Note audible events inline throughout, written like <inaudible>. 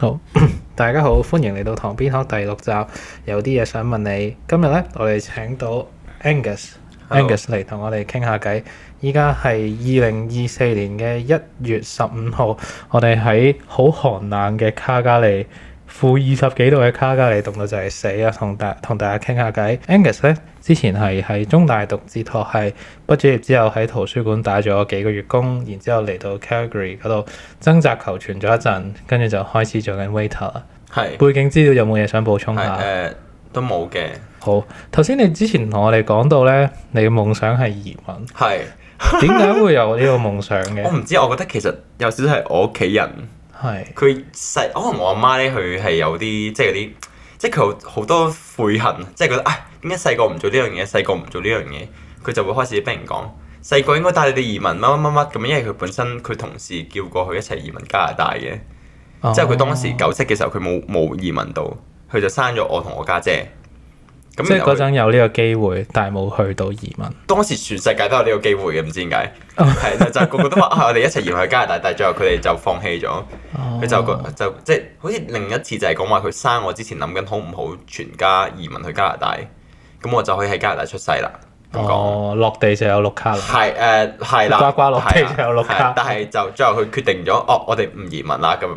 好，oh. <laughs> 大家好，歡迎嚟到唐邊學第六集。有啲嘢想問你，今日咧，我哋請到 Angus，Angus、oh. 嚟同我哋傾下偈。依家係二零二四年嘅一月十五號，我哋喺好寒冷嘅卡加利。負二十幾度嘅卡加利凍到就係死啊！同大同大家傾下偈。Angus 咧之前係喺中大讀哲學，係畢咗業之後喺圖書館打咗幾個月工，然之後嚟到 Calgary 嗰度掙扎求存咗一陣，跟住就開始做緊 waiter 啦。係是背景資料有冇嘢想補充下？誒、呃，都冇嘅。好，頭先你之前同我哋講到咧，你嘅夢想係移民。係點解會有個夢呢個夢想嘅？ <laughs> 我唔知，我覺得其實有少少係我屋企人。佢細可能我阿媽咧，佢係有啲即係有啲，即係佢好多悔恨，即係覺得唉，點解細個唔做呢樣嘢？細個唔做呢樣嘢，佢就會開始俾人講，細個應該帶你哋移民乜乜乜乜咁。因為佢本身佢同事叫過佢一齊移民加拿大嘅，之後佢當時九七嘅時候佢冇冇移民到，佢就生咗我同我家姐。即係嗰陣有呢個機會，但係冇去到移民。當時全世界都有呢個機會嘅，唔知點解，係就就個個都話，我哋一齊移民去加拿大，但係最後佢哋就放棄咗，佢就就即係好似另一次就係講話佢生我之前諗緊好唔好全家移民去加拿大，咁我就可以喺加拿大出世啦。哦，落地就有綠卡啦。係誒，係啦，呱呱落地就有綠卡，但係就最後佢決定咗，哦，我哋唔移民啦咁。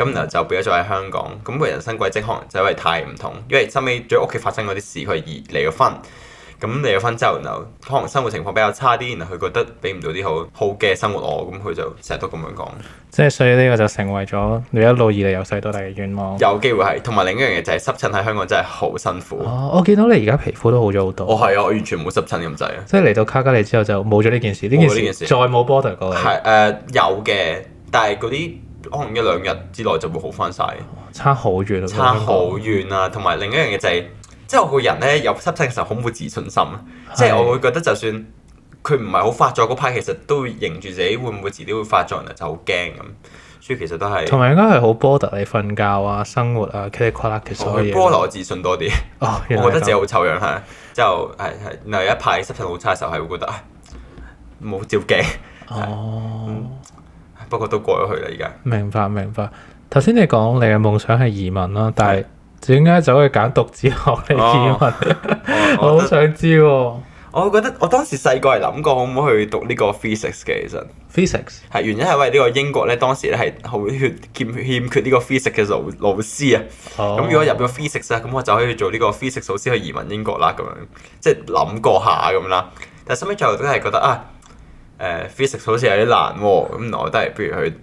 咁就就變咗在喺香港，咁佢人生軌跡可能就因為太唔同，因為收尾喺屋企發生嗰啲事，佢而離咗婚。咁離咗婚之後，然後可能生活情況比較差啲，然後佢覺得俾唔到啲好好嘅生活我，咁佢就成日都咁樣講。即係所以呢個就成為咗你一路以嚟由細到大嘅願望。有機會係，同埋另一樣嘢就係濕疹喺香港真係好辛苦。哦，我見到你而家皮膚都好咗好多。哦，係啊，我完全冇濕疹咁滯啊。即係嚟到卡加利之後，就冇咗呢件事。冇呢件、哦、件事。再冇 border 過嚟。係、呃、誒，有嘅，但係嗰啲。可能一兩日之內就會好返晒，差好遠啊！差好遠啊！同埋另一樣嘢就係，即係我個人咧有濕疹嘅時候好冇自信心，即係我會覺得就算佢唔係好發作嗰排，其實都會認住自己會唔會遲啲會發作啊，就好驚咁。所以其實都係同埋應該係好波凸你瞓覺啊、生活啊、佢哋曬嘅所波凸自信多啲，我覺得自己好醜樣係，就係係有一排濕疹好差嘅時候係會覺得冇照鏡哦。不過都過咗去啦，而家。明白明白。頭先你講你嘅夢想係移民啦，但係點解走去揀讀哲學嚟移民？的我好想知喎、啊。我覺得我當時細個係諗過，好唔好去讀呢個 physics 嘅？其實 physics 係原因係為呢個英國咧，當時咧係好欠欠缺呢個 physics 嘅老老師啊。咁、哦、如果入咗 physics 啊，咁我就可以做呢個 physics 老師去移民英國啦。咁樣即係諗過下咁啦。但係後尾最後都係覺得啊。誒、uh, physics 好似有啲難喎、哦，咁我都係不如去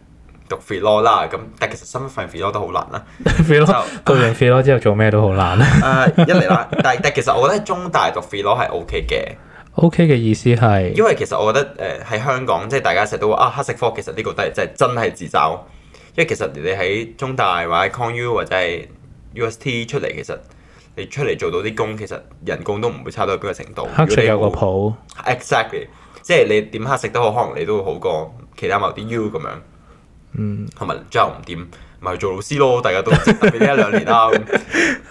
讀 Philo 啦。咁但係其實身份分 Philo 都好難啦、啊。 <music> <laughs> 就讀、uh, 完 Philo 之後做咩都好難、啊。誒、 <laughs> uh, 一嚟啦， <laughs> 但但其實我覺得中大讀 Philo 係 OK 嘅。OK 嘅意思係因為其實我覺得誒喺、呃、香港即係大家成日都話啊黑色科其實呢個都係即係真係自找，因為其實你喺中大或者 Con U 或者係 UST 出嚟，其實你出嚟做到啲工，其實人工都唔會差到邊個程度。黑有個譜，exactly。 <music> <music> 即係你點黑食都好，可能你都好過其他某啲 U 咁樣。嗯，同埋之後唔掂，咪去做老師咯。大家都特別呢一兩年啦、啊，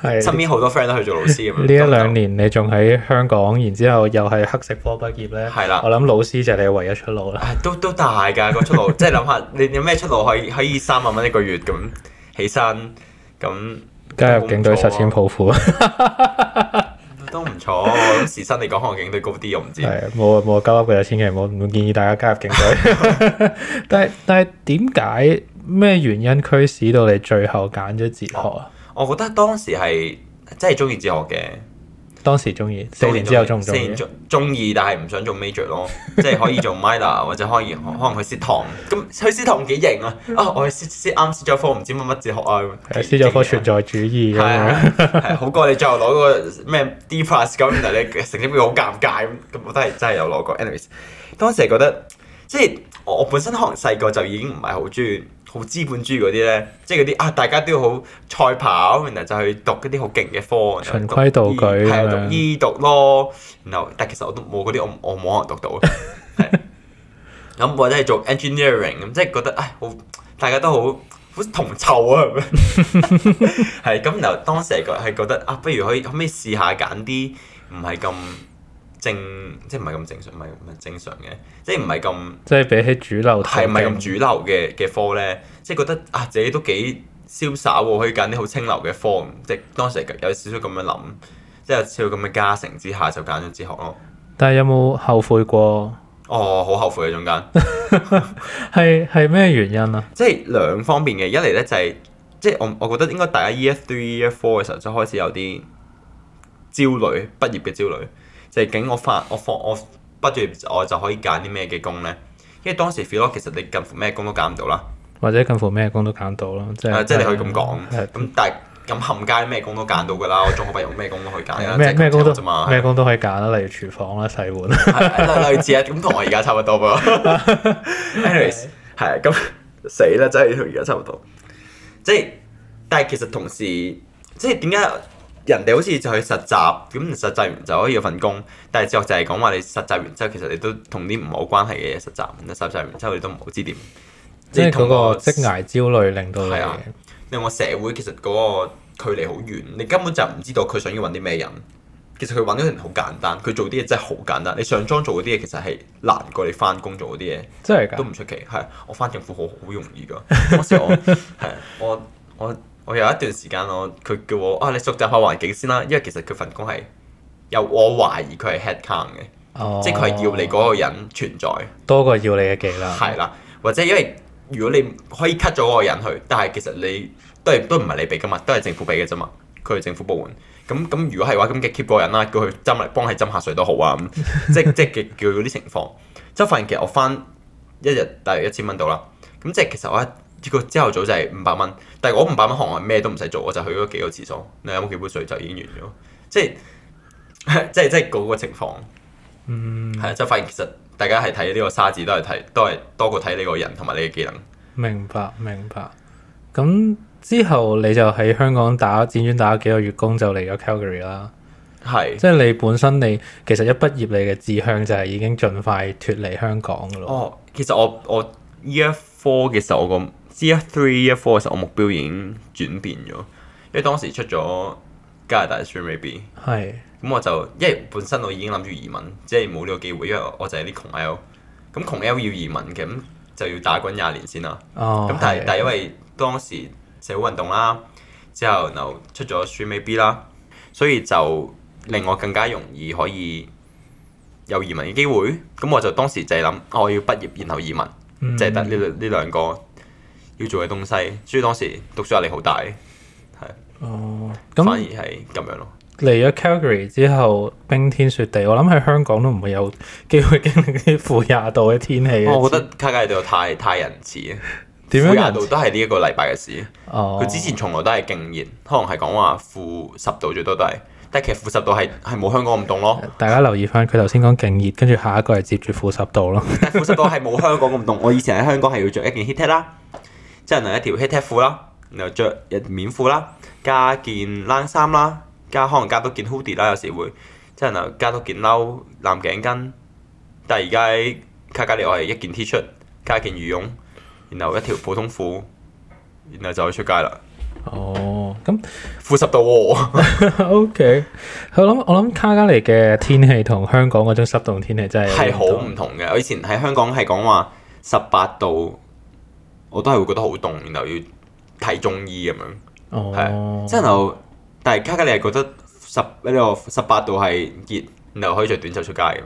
係 <laughs> 的身邊好多 friend 都去做老師咁樣。呢一兩年你仲喺香港，然之後又係黑色科畢業咧。係啦的，我諗老師就係你唯一出路啦、啊。都都大㗎個出路， <laughs> 即係諗下你有咩出路可以可以三萬蚊一個月咁起薪，咁？加入警隊不不、啊、實踐抱負。 <laughs> <laughs> 都唔錯，時薪你講可能競爭高啲，我唔知。係冇冇加入嘅，千祈唔好唔建議大家加入警隊。但係但係點解咩原因驅使到你最後揀咗哲學啊、哦？我覺得當時係真係中意哲學嘅。當時中意四年之後中唔中意？四年中意，但係唔想做 major 咯，即係可以做 minor <laughs> 或者可以可能去試堂咁去試堂幾型啊啊！我試試啱試咗科，唔知乜乜哲學啊，試咗、啊、科存在主義咁、啊啊啊啊啊、好過你最後攞個咩 D plus 咁，9, 但係你成績會好尷尬咁，咁我都係真係有攞過。Anyway, 當時係覺得即係我本身可能細個就已經唔係好中。好資本主義嗰啲咧，即係嗰啲啊，大家都好賽跑，然後就去讀一啲好勁嘅科，循規蹈矩對，係讀醫讀咯。然後，但其實我都冇嗰啲，我我冇可能讀到。咁 <laughs> 或者係做 engineering 咁，即係覺得唉、哎，好大家都好好同臭啊，係咁。 <laughs> <laughs> 然後當時係覺係覺得啊，不如可以可唔可以試下揀啲唔係咁。正即係唔係咁正常，唔係唔係正常嘅，即係唔係咁。即係比起主流，係唔係咁主流嘅嘅科咧？即係覺得啊，自己都幾瀟灑、啊，可以揀啲好清流嘅科。即係當時有少少咁樣諗，即係有少少咁嘅加成之下就，就揀咗哲學咯。但係有冇後悔過？哦，好後悔嘅、啊、中間 <laughs> <laughs> 係係咩原因啊？即係兩方面嘅，一嚟咧就係、是、即係我我覺得應該大家 year three year four 嘅時候就開始有啲焦慮，畢業嘅焦慮。究竟我發我放我畢業我就可以揀啲咩嘅工咧？因為當時 feel 其實你近乎咩工都揀唔到啦，或者近乎咩工都揀到咯，即係即係你可以咁講。咁但係咁冚街咩工都揀到噶啦，我仲好唔可用咩工都可以揀？咩咩 <laughs> 工都咩工都可以揀啦，例如廚房啦、洗碗啦， <laughs> 類似啊。咁同我而家差唔多噃。係 <laughs> 咁 Anyway, <laughs> 死啦，真係同而家差唔多。即係，但係其實同時，即係點解？人哋好似就去實習，咁實習完就可以有份工。但係就就係講話你實習完之後，其實你都同啲唔好關係嘅嘢實習。你實習完之後，你都唔好知點。即係嗰個我職涯焦慮令到你，係啊，令我社會其實嗰個距離好遠。你根本就唔知道佢想要揾啲咩人。其實佢揾嗰啲人好簡單，佢做啲嘢真係好簡單。你上莊做嗰啲嘢其實係難過你返工做嗰啲嘢。真係都唔出奇。係、啊、我返政府好好容易㗎。當時我係我我。我有一段時間，我佢叫我啊，你熟習下環境先啦，因為其實佢份工係，有我懷疑佢係 head count 嘅，哦、即係佢係要你嗰個人存在，多過要你嘅技能。係啦，或者因為如果你可以 cut 咗嗰個人去，但係其實你都係都唔係你俾噶嘛，都係政府俾嘅啫嘛。佢係政府部門，咁咁如果係話咁嘅 keep 個人啦，叫佢斟嚟幫佢斟下水都好啊，咁即即係叫佢嗰啲情況，之後 <laughs> 發現其實我翻一日大約一千蚊到啦，咁即係其實我一個朝頭早就係五百蚊。但係我五百蚊行外，咩都唔使做，我就去咗幾個廁所，你飲幾杯水就已經完咗，即係即係即係個情況。嗯，係啊，就發現其實大家係睇呢個沙子，都係睇都係多過睇呢個人同埋你嘅技能。明白明白。咁之後你就喺香港打，輾轉打咗幾個月工就，就嚟咗 Calgary 啦。係，即係你本身你其實一畢業你嘅志向就係已經盡快脫離香港噶咯。哦，其實我我 Year 4嘅時候我咁。C 一 three four 嘅時候，3, 4, 我目標已經轉變咗，因為當時出咗加拿大嘅 stream B 係的，咁我就因為本身我已經諗住移民，即係冇呢個機會，因為我就係啲窮 L，咁窮 L 要移民嘅，咁就要打滾廿年先啦。咁、oh, 但係的但係因為當時社會運動啦，之後就出咗 stream B 啦，所以就令我更加容易可以有移民嘅機會。咁我就當時就係諗，我要畢業然後移民，就係、mm hmm. 得呢呢兩個。要做嘅東西，所以當時讀書壓力好大，係哦，反而係咁樣咯。嚟咗 Calgary 之後，冰天雪地，我諗喺香港都唔會有機會經歷啲負廿度嘅天氣。我覺得卡加利太太仁慈啊！點樣廿度都係呢一個禮拜嘅事。佢、哦、之前從來都係勁熱，可能係講話負十度最多都係，但係其實負十度係係冇香港咁凍咯。大家留意翻佢頭先講勁熱，跟住下一個係接住負十度咯。但負十度係冇香港咁凍， <laughs> 我以前喺香港係要著一件 heattech 啦。Tag, 即係嗱一條 heattech 褲啦，然後着一棉褲啦，加件冷衫啦，加可能加多件 hoodie 啦，有時會即係能加多件褸、藍頸巾。但係而家喺卡加利我係一件 T 恤，加一件羽絨，然後一條普通褲，然後就可以出街啦。哦，咁負十度喎、哦。 <laughs> <laughs> o、okay. K，我諗我諗卡加利嘅天氣同香港嗰種濕凍天氣真係係好唔同嘅。我以前喺香港係講話十八度。我都係會覺得好凍，然後要睇中醫咁樣，係、oh.，之後，但係卡加利係覺得十呢、這個十八度係熱，然後可以着短袖出街咁，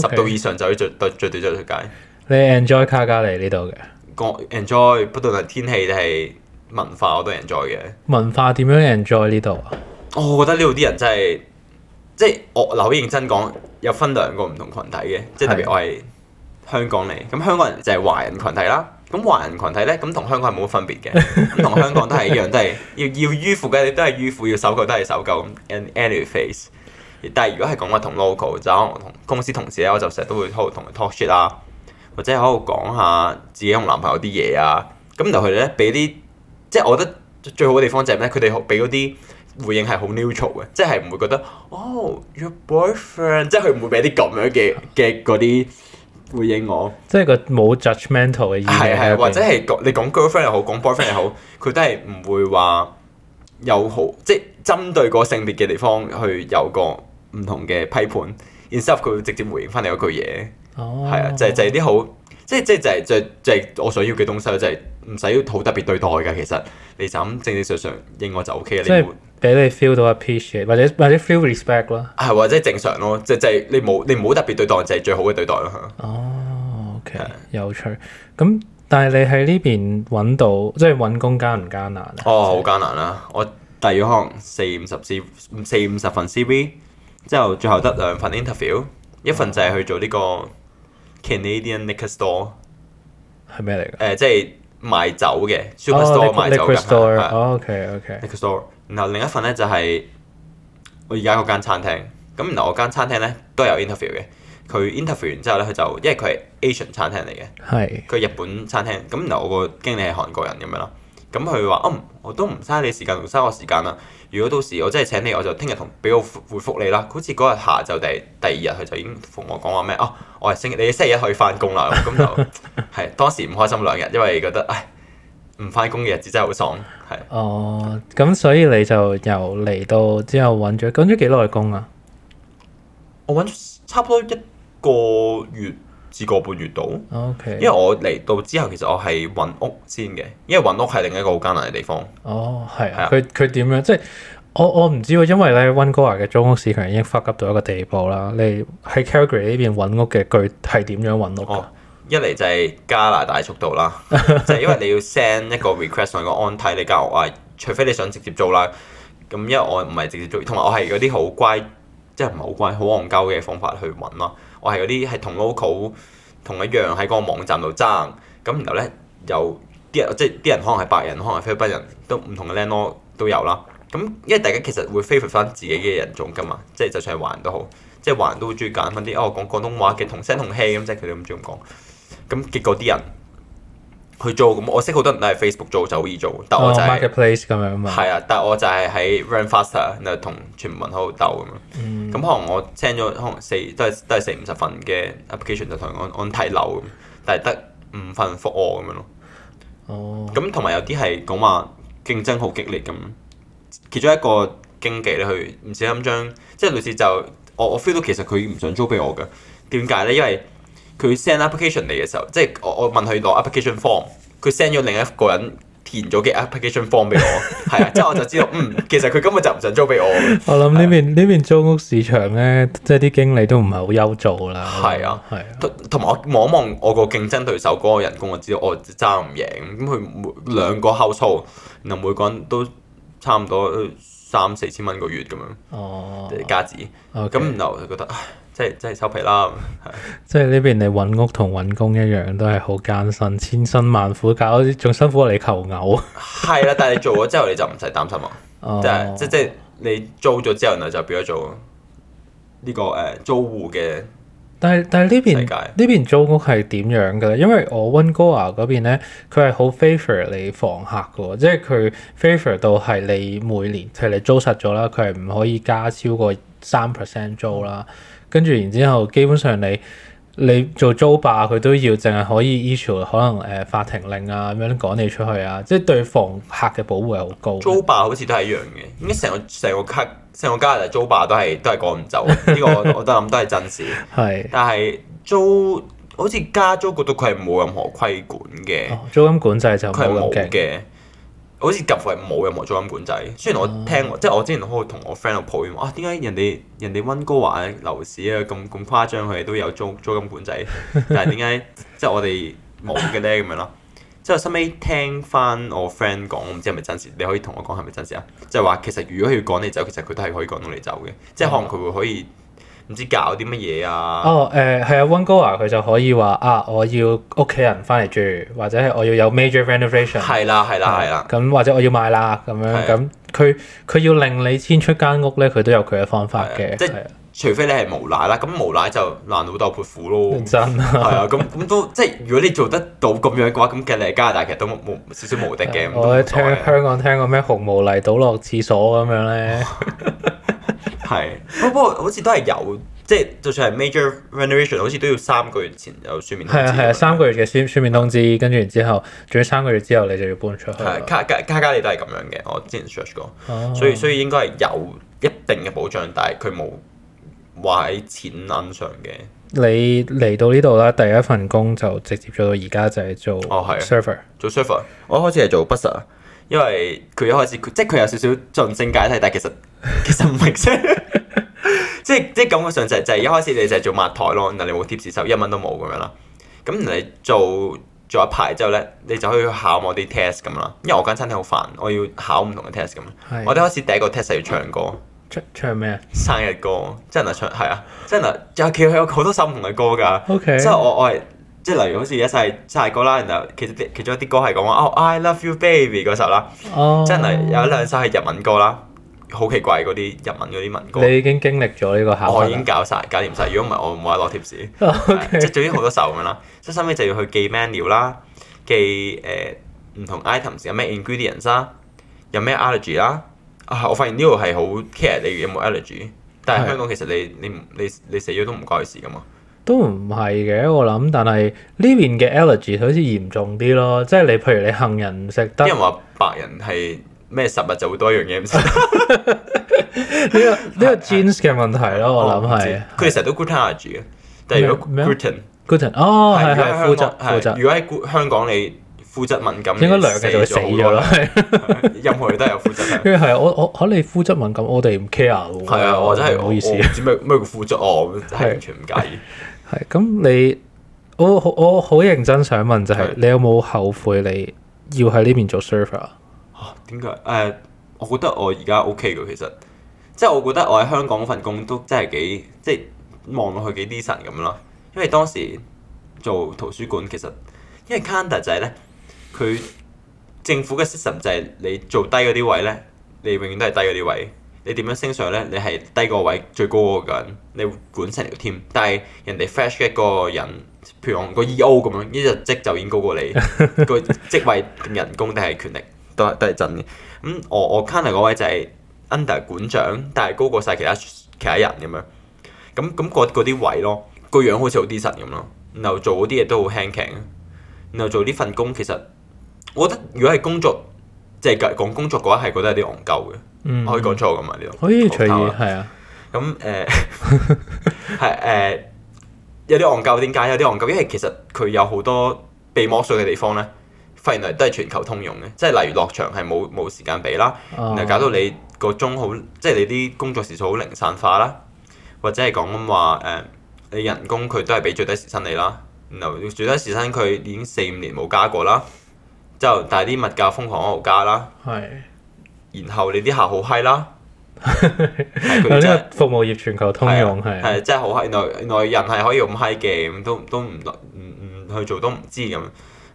十 Okay. 度以上就可以着着短袖出街。你 enjoy 卡加利呢度嘅，我 enjoy 不論係天氣定係文化我都 enjoy 嘅。文化點樣 enjoy 呢度啊？我覺得呢度啲人真係，即、就、係、是、我嗱，好認真講，有分兩個唔同群體嘅，即係特別我係香港嚟，咁的香港人就係華人群體啦。咁華人群體咧，咁同香港係冇乜分別嘅，咁同 <laughs> 香港都係一樣，都係要要迂腐嘅，你都係迂腐，要守舊都係守舊。In any phase，但係如果係講話同 local 就可能同公司同事咧，我就成日都會喺度同佢 talk shit 啊，或者喺度講下自己同男朋友啲嘢啊。咁然後佢哋咧俾啲，即係我覺得最好嘅地方就係咩？佢哋俾嗰啲回應係好 neutral 嘅，即係唔會覺得哦、oh, your boyfriend，即係佢唔會俾啲咁樣嘅嘅嗰啲回應我，嗯、即係個冇 judgmental 嘅意思，喺入邊，或者係講你講 girlfriend 又好，講 boyfriend 又好，佢都係唔會話有好，即係針對個性別嘅地方去有個唔同嘅批判，Instead，佢會直接回應翻你一句嘢，係啊、哦，就係、就係啲好，即係即係就係、係、就係、係、就係、係、我想要嘅東西，就係唔使好特別對待噶，其實你就正正常常應我就 O K 啦，你。俾你 feel 到 appreciate，或者或者 feel respect 咯。係或者正常咯，即即係你冇你唔好特別對待，就係最好嘅對待咯。哦、啊，OK，有趣。咁但係你喺呢邊揾到即係揾工艱唔艱難咧、啊？哦，好艱難啦、啊！我遞咗可能四五十 C 四五十份 CV，之後最後得兩份 interview、啊、一份就係去做呢個 Canadian liquor store，係咩嚟嘅？誒、啊，即、就、係、是、賣酒嘅 superstore、哦啊、賣酒嘅。哦哦酒哦哦啊、OK OK liquor store。然後另一份咧就係、是、我而家嗰間餐廳，咁然後我間餐廳咧都有 interview 嘅。佢 interview 完之後咧佢就因為佢係 Asian 餐廳嚟嘅，佢是日本餐廳，咁然後我個經理係韓國人咁樣咯，咁佢話哦，我都唔嘥你時間同嘥我時間啦，如果到時我真係請你，我就聽日同俾我回覆你啦。好似嗰日下晝定第二日佢就已經同我講話咩哦，我係星期你星期一可以返工啦，咁就係當時唔開心兩日，因為覺得唉。唔返工嘅日子真係好爽，係哦。咁所以你就由嚟到之後揾咗，揾咗幾耐工啊？我揾咗差唔多一個月至個半月度。OK，因為我嚟到之後，其實我係揾屋先嘅，因為揾屋係另一個好艱難嘅地方。哦，係啊，佢佢點樣？即係我我唔知喎，因為咧溫哥華嘅租屋市場已經發達到一個地步啦。你喺 Calgary 呢邊揾屋嘅，佢係點樣揾屋？一嚟就係加拿大速度啦，就係因為你要 send 一個 request 上一個 on 睇你教學啊，除非你想直接做啦，咁因為我唔係直接做，同埋我係嗰啲好乖，即係唔係好乖，好戇鳩嘅方法去揾咯。我係嗰啲係同 local 同一樣喺個網站度爭，咁然後咧有啲人即係啲人可能係白人，可能係菲律賓人都唔同嘅靚哥都有啦。咁因為大家其實會 favor 翻自己嘅人種噶嘛，即係就算係華人都好，即係華人都會中意揀翻啲哦講廣東話嘅同聲同氣咁，即係佢哋咁中意講。咁結果啲人去做，咁，我識好多人都係 Facebook 做就好易做，但我就係、是、咁、oh, marketplace 啊，但我就係喺 Run Faster，同全民喺度鬥咁樣。咁、嗯、可能我 send 咗可能四都係都係四五十份嘅 application 就同人按睇樓，但係得五份復我咁樣咯。咁同埋有啲係講話競爭好激烈咁，其中一個經紀咧佢唔小心將即係類似就我我 feel 到其實佢唔想租俾我嘅。點解咧？因為佢 send application 嚟嘅時候，即係我我問佢攞 application form，佢 send 咗另一個人填咗嘅 application form 俾我，係 <laughs> 啊，之後我就知道，嗯，其實佢根本就唔想租俾我。我諗呢邊呢、啊、邊租屋市場咧，即係啲經理都唔係好優做啦。係啊，係、啊。同同埋我望一望我個競爭對手嗰個人工，我知道我爭唔贏。咁佢兩個敲粗，嗱每個人都差唔多。三四千蚊個月咁樣，即係價字。咁然後就覺得，唉，收即係即係收皮啦。即係呢邊你揾屋同揾工一樣，都係好艱辛，千辛萬苦搞，仲辛苦過你求偶。係 <laughs> 啦，但係你做咗之後你就唔使擔心啊、oh。即係即即係你租咗之後就變咗做呢、這個誒、呃、租戶嘅。但係但係呢邊呢界邊租屋係點樣嘅咧？因為我溫哥華嗰邊咧，佢係好 favour 你房客嘅，即係佢 favour 到係你每年其實、即係、你租實咗啦，佢係唔可以加超過三 percent 租啦。跟住然之後，基本上你。你做租霸佢都要淨係可以 issue 可能誒、呃、法庭令啊咁樣趕你出去啊，即係對房客嘅保護係好高。租霸好似都係一樣嘅，咁啲成個成個卡成個加拿大租霸都係都係趕唔走，呢 <laughs> 個我，我都諗都係真事。係 <laughs> 是，但係租好似加租，租覺得佢係冇任何規管嘅、哦，租金管制就冇嘅。好似幾乎係冇任何租金管制，雖然我聽、嗯、即係我之前好同我 friend 度抱怨，啊，點解人哋人哋溫哥華嘅樓市啊咁咁誇張，佢哋都有租租金管制，但係點解即係我哋冇嘅咧咁樣啦？即係收尾聽翻我 friend 講，唔知係咪真事？你可以同我講係咪真事啊？即係話其實如果要趕你走，其實佢都係可以趕到你走嘅，即係可能佢會可以。唔知搞啲乜嘢啊？哦、oh, 呃，誒係啊 o 哥 e 佢就可以話啊，我要屋企人翻嚟住，或者係我要有 major renovation、啊。係啦、啊，係啦、啊，係啦、嗯。咁或者我要賣啦，咁樣咁佢佢要令你遷出間屋咧，佢都有佢嘅方法嘅。即係除非你係無賴啦，咁無賴就難度大倍苦咯。真啊，係啊，咁咁都即係如果你做得到咁樣嘅話，咁其實你加拿大其實都冇少少無敵嘅。嗯、我聽香港聽個咩紅毛泥倒落廁所咁樣咧。 <laughs> 係，不過、哦、好似都係有，即係就算係 major renovation，好似都要三個月前有書面通知。啊係啊，三個月嘅書書面通知， <laughs> 跟住之後，仲要三個月之後你就要搬出去。係， <laughs> 卡卡卡加利都係咁樣嘅，我之前 search 過，啊、所以所以應該係有一定嘅保障，但係佢冇話喺錢銀上嘅。你嚟到呢度啦，第一份工就直接做到而家就係、是、做哦，係 server，做 server。我開始係做 busser 啊，因為佢一開始即係佢有少少盡性解體，但係其實其實唔係 <laughs> 即係即係感覺上就係、是、就係、是、一開始你就係做抹台咯，然後你冇貼士收，一蚊都冇咁樣啦。咁你做做一排之後咧，你就可以考我啲 test 咁啦。因為我間餐廳好煩，我要考唔同嘅 test 咁。是我哋開始第一個 test 係要唱歌，唱唱咩啊？生日歌，真係唱係啊！真係 Okay. 就佢有好多唔同嘅歌㗎。即係我我係即係例如好似一世，生歌啦，然後其實其中一啲歌係講話 I love you baby 嗰首啦，oh. 真係有一兩首係日文歌啦。好奇怪，嗰啲日文嗰啲文歌，你已經經歷咗呢個考驗。我已經搞晒，搞掂晒。如果唔係，我冇得攞貼士。即係總之好多首咁樣啦。所以後尾就要去記 menu 啦，記誒唔同 items 有咩 ingredients 啦，有咩 allergy 啦。啊，我發現呢度係好 care 你有冇 allergy，但係香港其實你你你你死咗都唔關事噶嘛。都唔係嘅，我諗。但係呢邊嘅 allergy 好似嚴重啲咯，即係你譬如你杏仁唔食得。啲人話白人係。咩實物就會多一樣嘢，呢個呢個 genes 嘅問題咯，我諗係。佢哋成日都 good energy，但係如果 gooden gooden 哦，係係，膚質如果喺香港，你膚質敏感，應該兩件就會死咗啦。任何嘢都有膚質。因為係我我可能膚質敏感，我哋唔 care。係啊，我真係唔好意思，唔知咩叫膚質，我係完全唔介意。係咁，你我我好認真想問，就係你有冇後悔你要喺呢邊做 server？點解？誒、uh, OK 就是，我覺得我而家 OK 嘅，其實，即係我覺得我喺香港份工都真係幾，即係望落去幾 decent 咁啦。因為當時做圖書館，其實因為 Canada 就係咧，佢政府嘅 system 就係你做低嗰啲位咧，你永遠都係低嗰啲位。你點樣升上咧？你係低個位最高嗰個人，你管成條㩒。但係人哋 fresh 一個人，譬如我個 E.O. 咁樣，一日職就已經高過你個 <laughs> 職位人工定係權力。都係都係真嘅。咁我我 c a n e 嗰位就係 under 館長，但係高過晒其他其他人咁樣。咁咁嗰啲位咯，個樣好似好啲神咁咯。然後做嗰啲嘢都好輕騎。然後做呢份工，其實我覺得如果係工作，即係講工作嘅話，係覺得有啲戇鳩嘅。嗯，我可以講錯㗎嘛呢度？可以隨意係啊。咁誒係誒，有啲戇鳩，點解有啲戇鳩？因為其實佢有好多被剝削嘅地方咧。都係全球通用嘅，即係例如落場係冇冇時間俾啦，哦、然後搞到你個鐘好，即係你啲工作時數好零散化啦，或者係講咁話誒，你人工佢都係俾最低時薪你啦，然後最低時薪佢已經四五年冇加過啦，之後但係啲物價瘋狂喺度加啦，係是，然後你啲客好嗨啦，即係 <laughs> <laughs> 服務業全球通用係，係、啊、是真係好嗨內內人係可以咁嗨嘅，咁都都唔唔唔去做都唔知咁。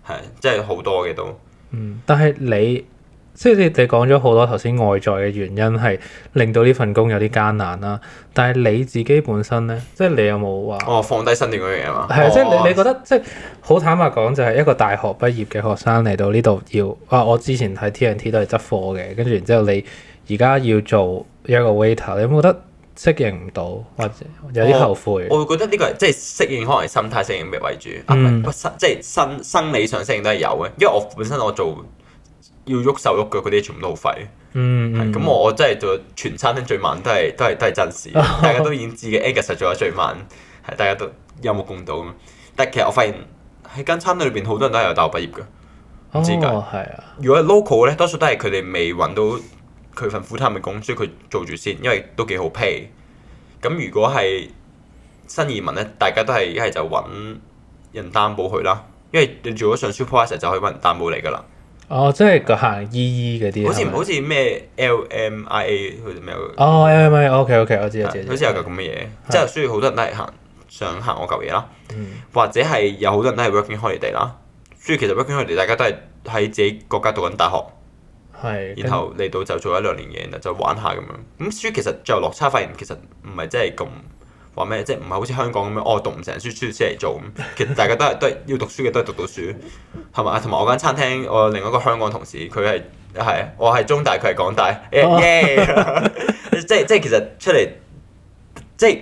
係，即係好多嘅都。嗯，但係你，即係你你講咗好多頭先外在嘅原因，係令到呢份工有啲艱難啦。但係你自己本身咧，即係你有冇話，哦，放低身段嗰樣嘢啊嘛。係的，哦，即係你你覺得，即係好坦白講，就係一個大學畢業嘅學生嚟到呢度要啊。我之前喺 TNT 都係執貨嘅，跟住然之後你而家要做要一個 waiter，你有冇覺得適應唔到或者有啲後悔，我會覺得呢個係即係適應，可能係心態適應為主，唔係、嗯啊、即係身生，生理上適應都係有嘅。因為我本身我做要喐手喐腳嗰啲全部都好廢，嗯，嗯，咁我我真係做全餐廳最慢都係都係都係真事，大家都已經自己 Angus 實做得最慢，係大家都有目共睹咁。但係其實我發現喺間餐廳裏邊好多人都係有大學畢業嘅，唔知㗎，係、哦、啊。如果 local 咧，多數都係佢哋未揾到。佢份 full time 嘅工，所以佢做住先，因為都幾好 pay。咁如果係新移民咧，大家都係一係就揾人擔保佢啦，因為你做咗上 supervisor 就可以揾人擔保你噶啦。哦，即係個是行 e e 嗰啲。好似像嗎好似咩 LMIA，佢咩、哦？哦嗎，LMIA，OK okay, OK，我知，是知好似有嚿咁嘅嘢，即係需要好多人都係行想行我嚿嘢啦，的或者係有好多人都係 working holiday 啦。所以其實 working holiday 大家都係喺自己國家讀緊大學。係，然後嚟到就做一兩年嘢，就玩下咁樣。咁書其實最後落差，發現其實唔係真係咁話咩，即係唔係好似香港咁樣，我、哦、讀唔成書，出嚟做。其實大家都係都係要讀書嘅，都係讀到書係嘛？同埋我間餐廳，我有另一個香港同事，佢係係我係中大，佢係港大，即係即係其實出嚟，即係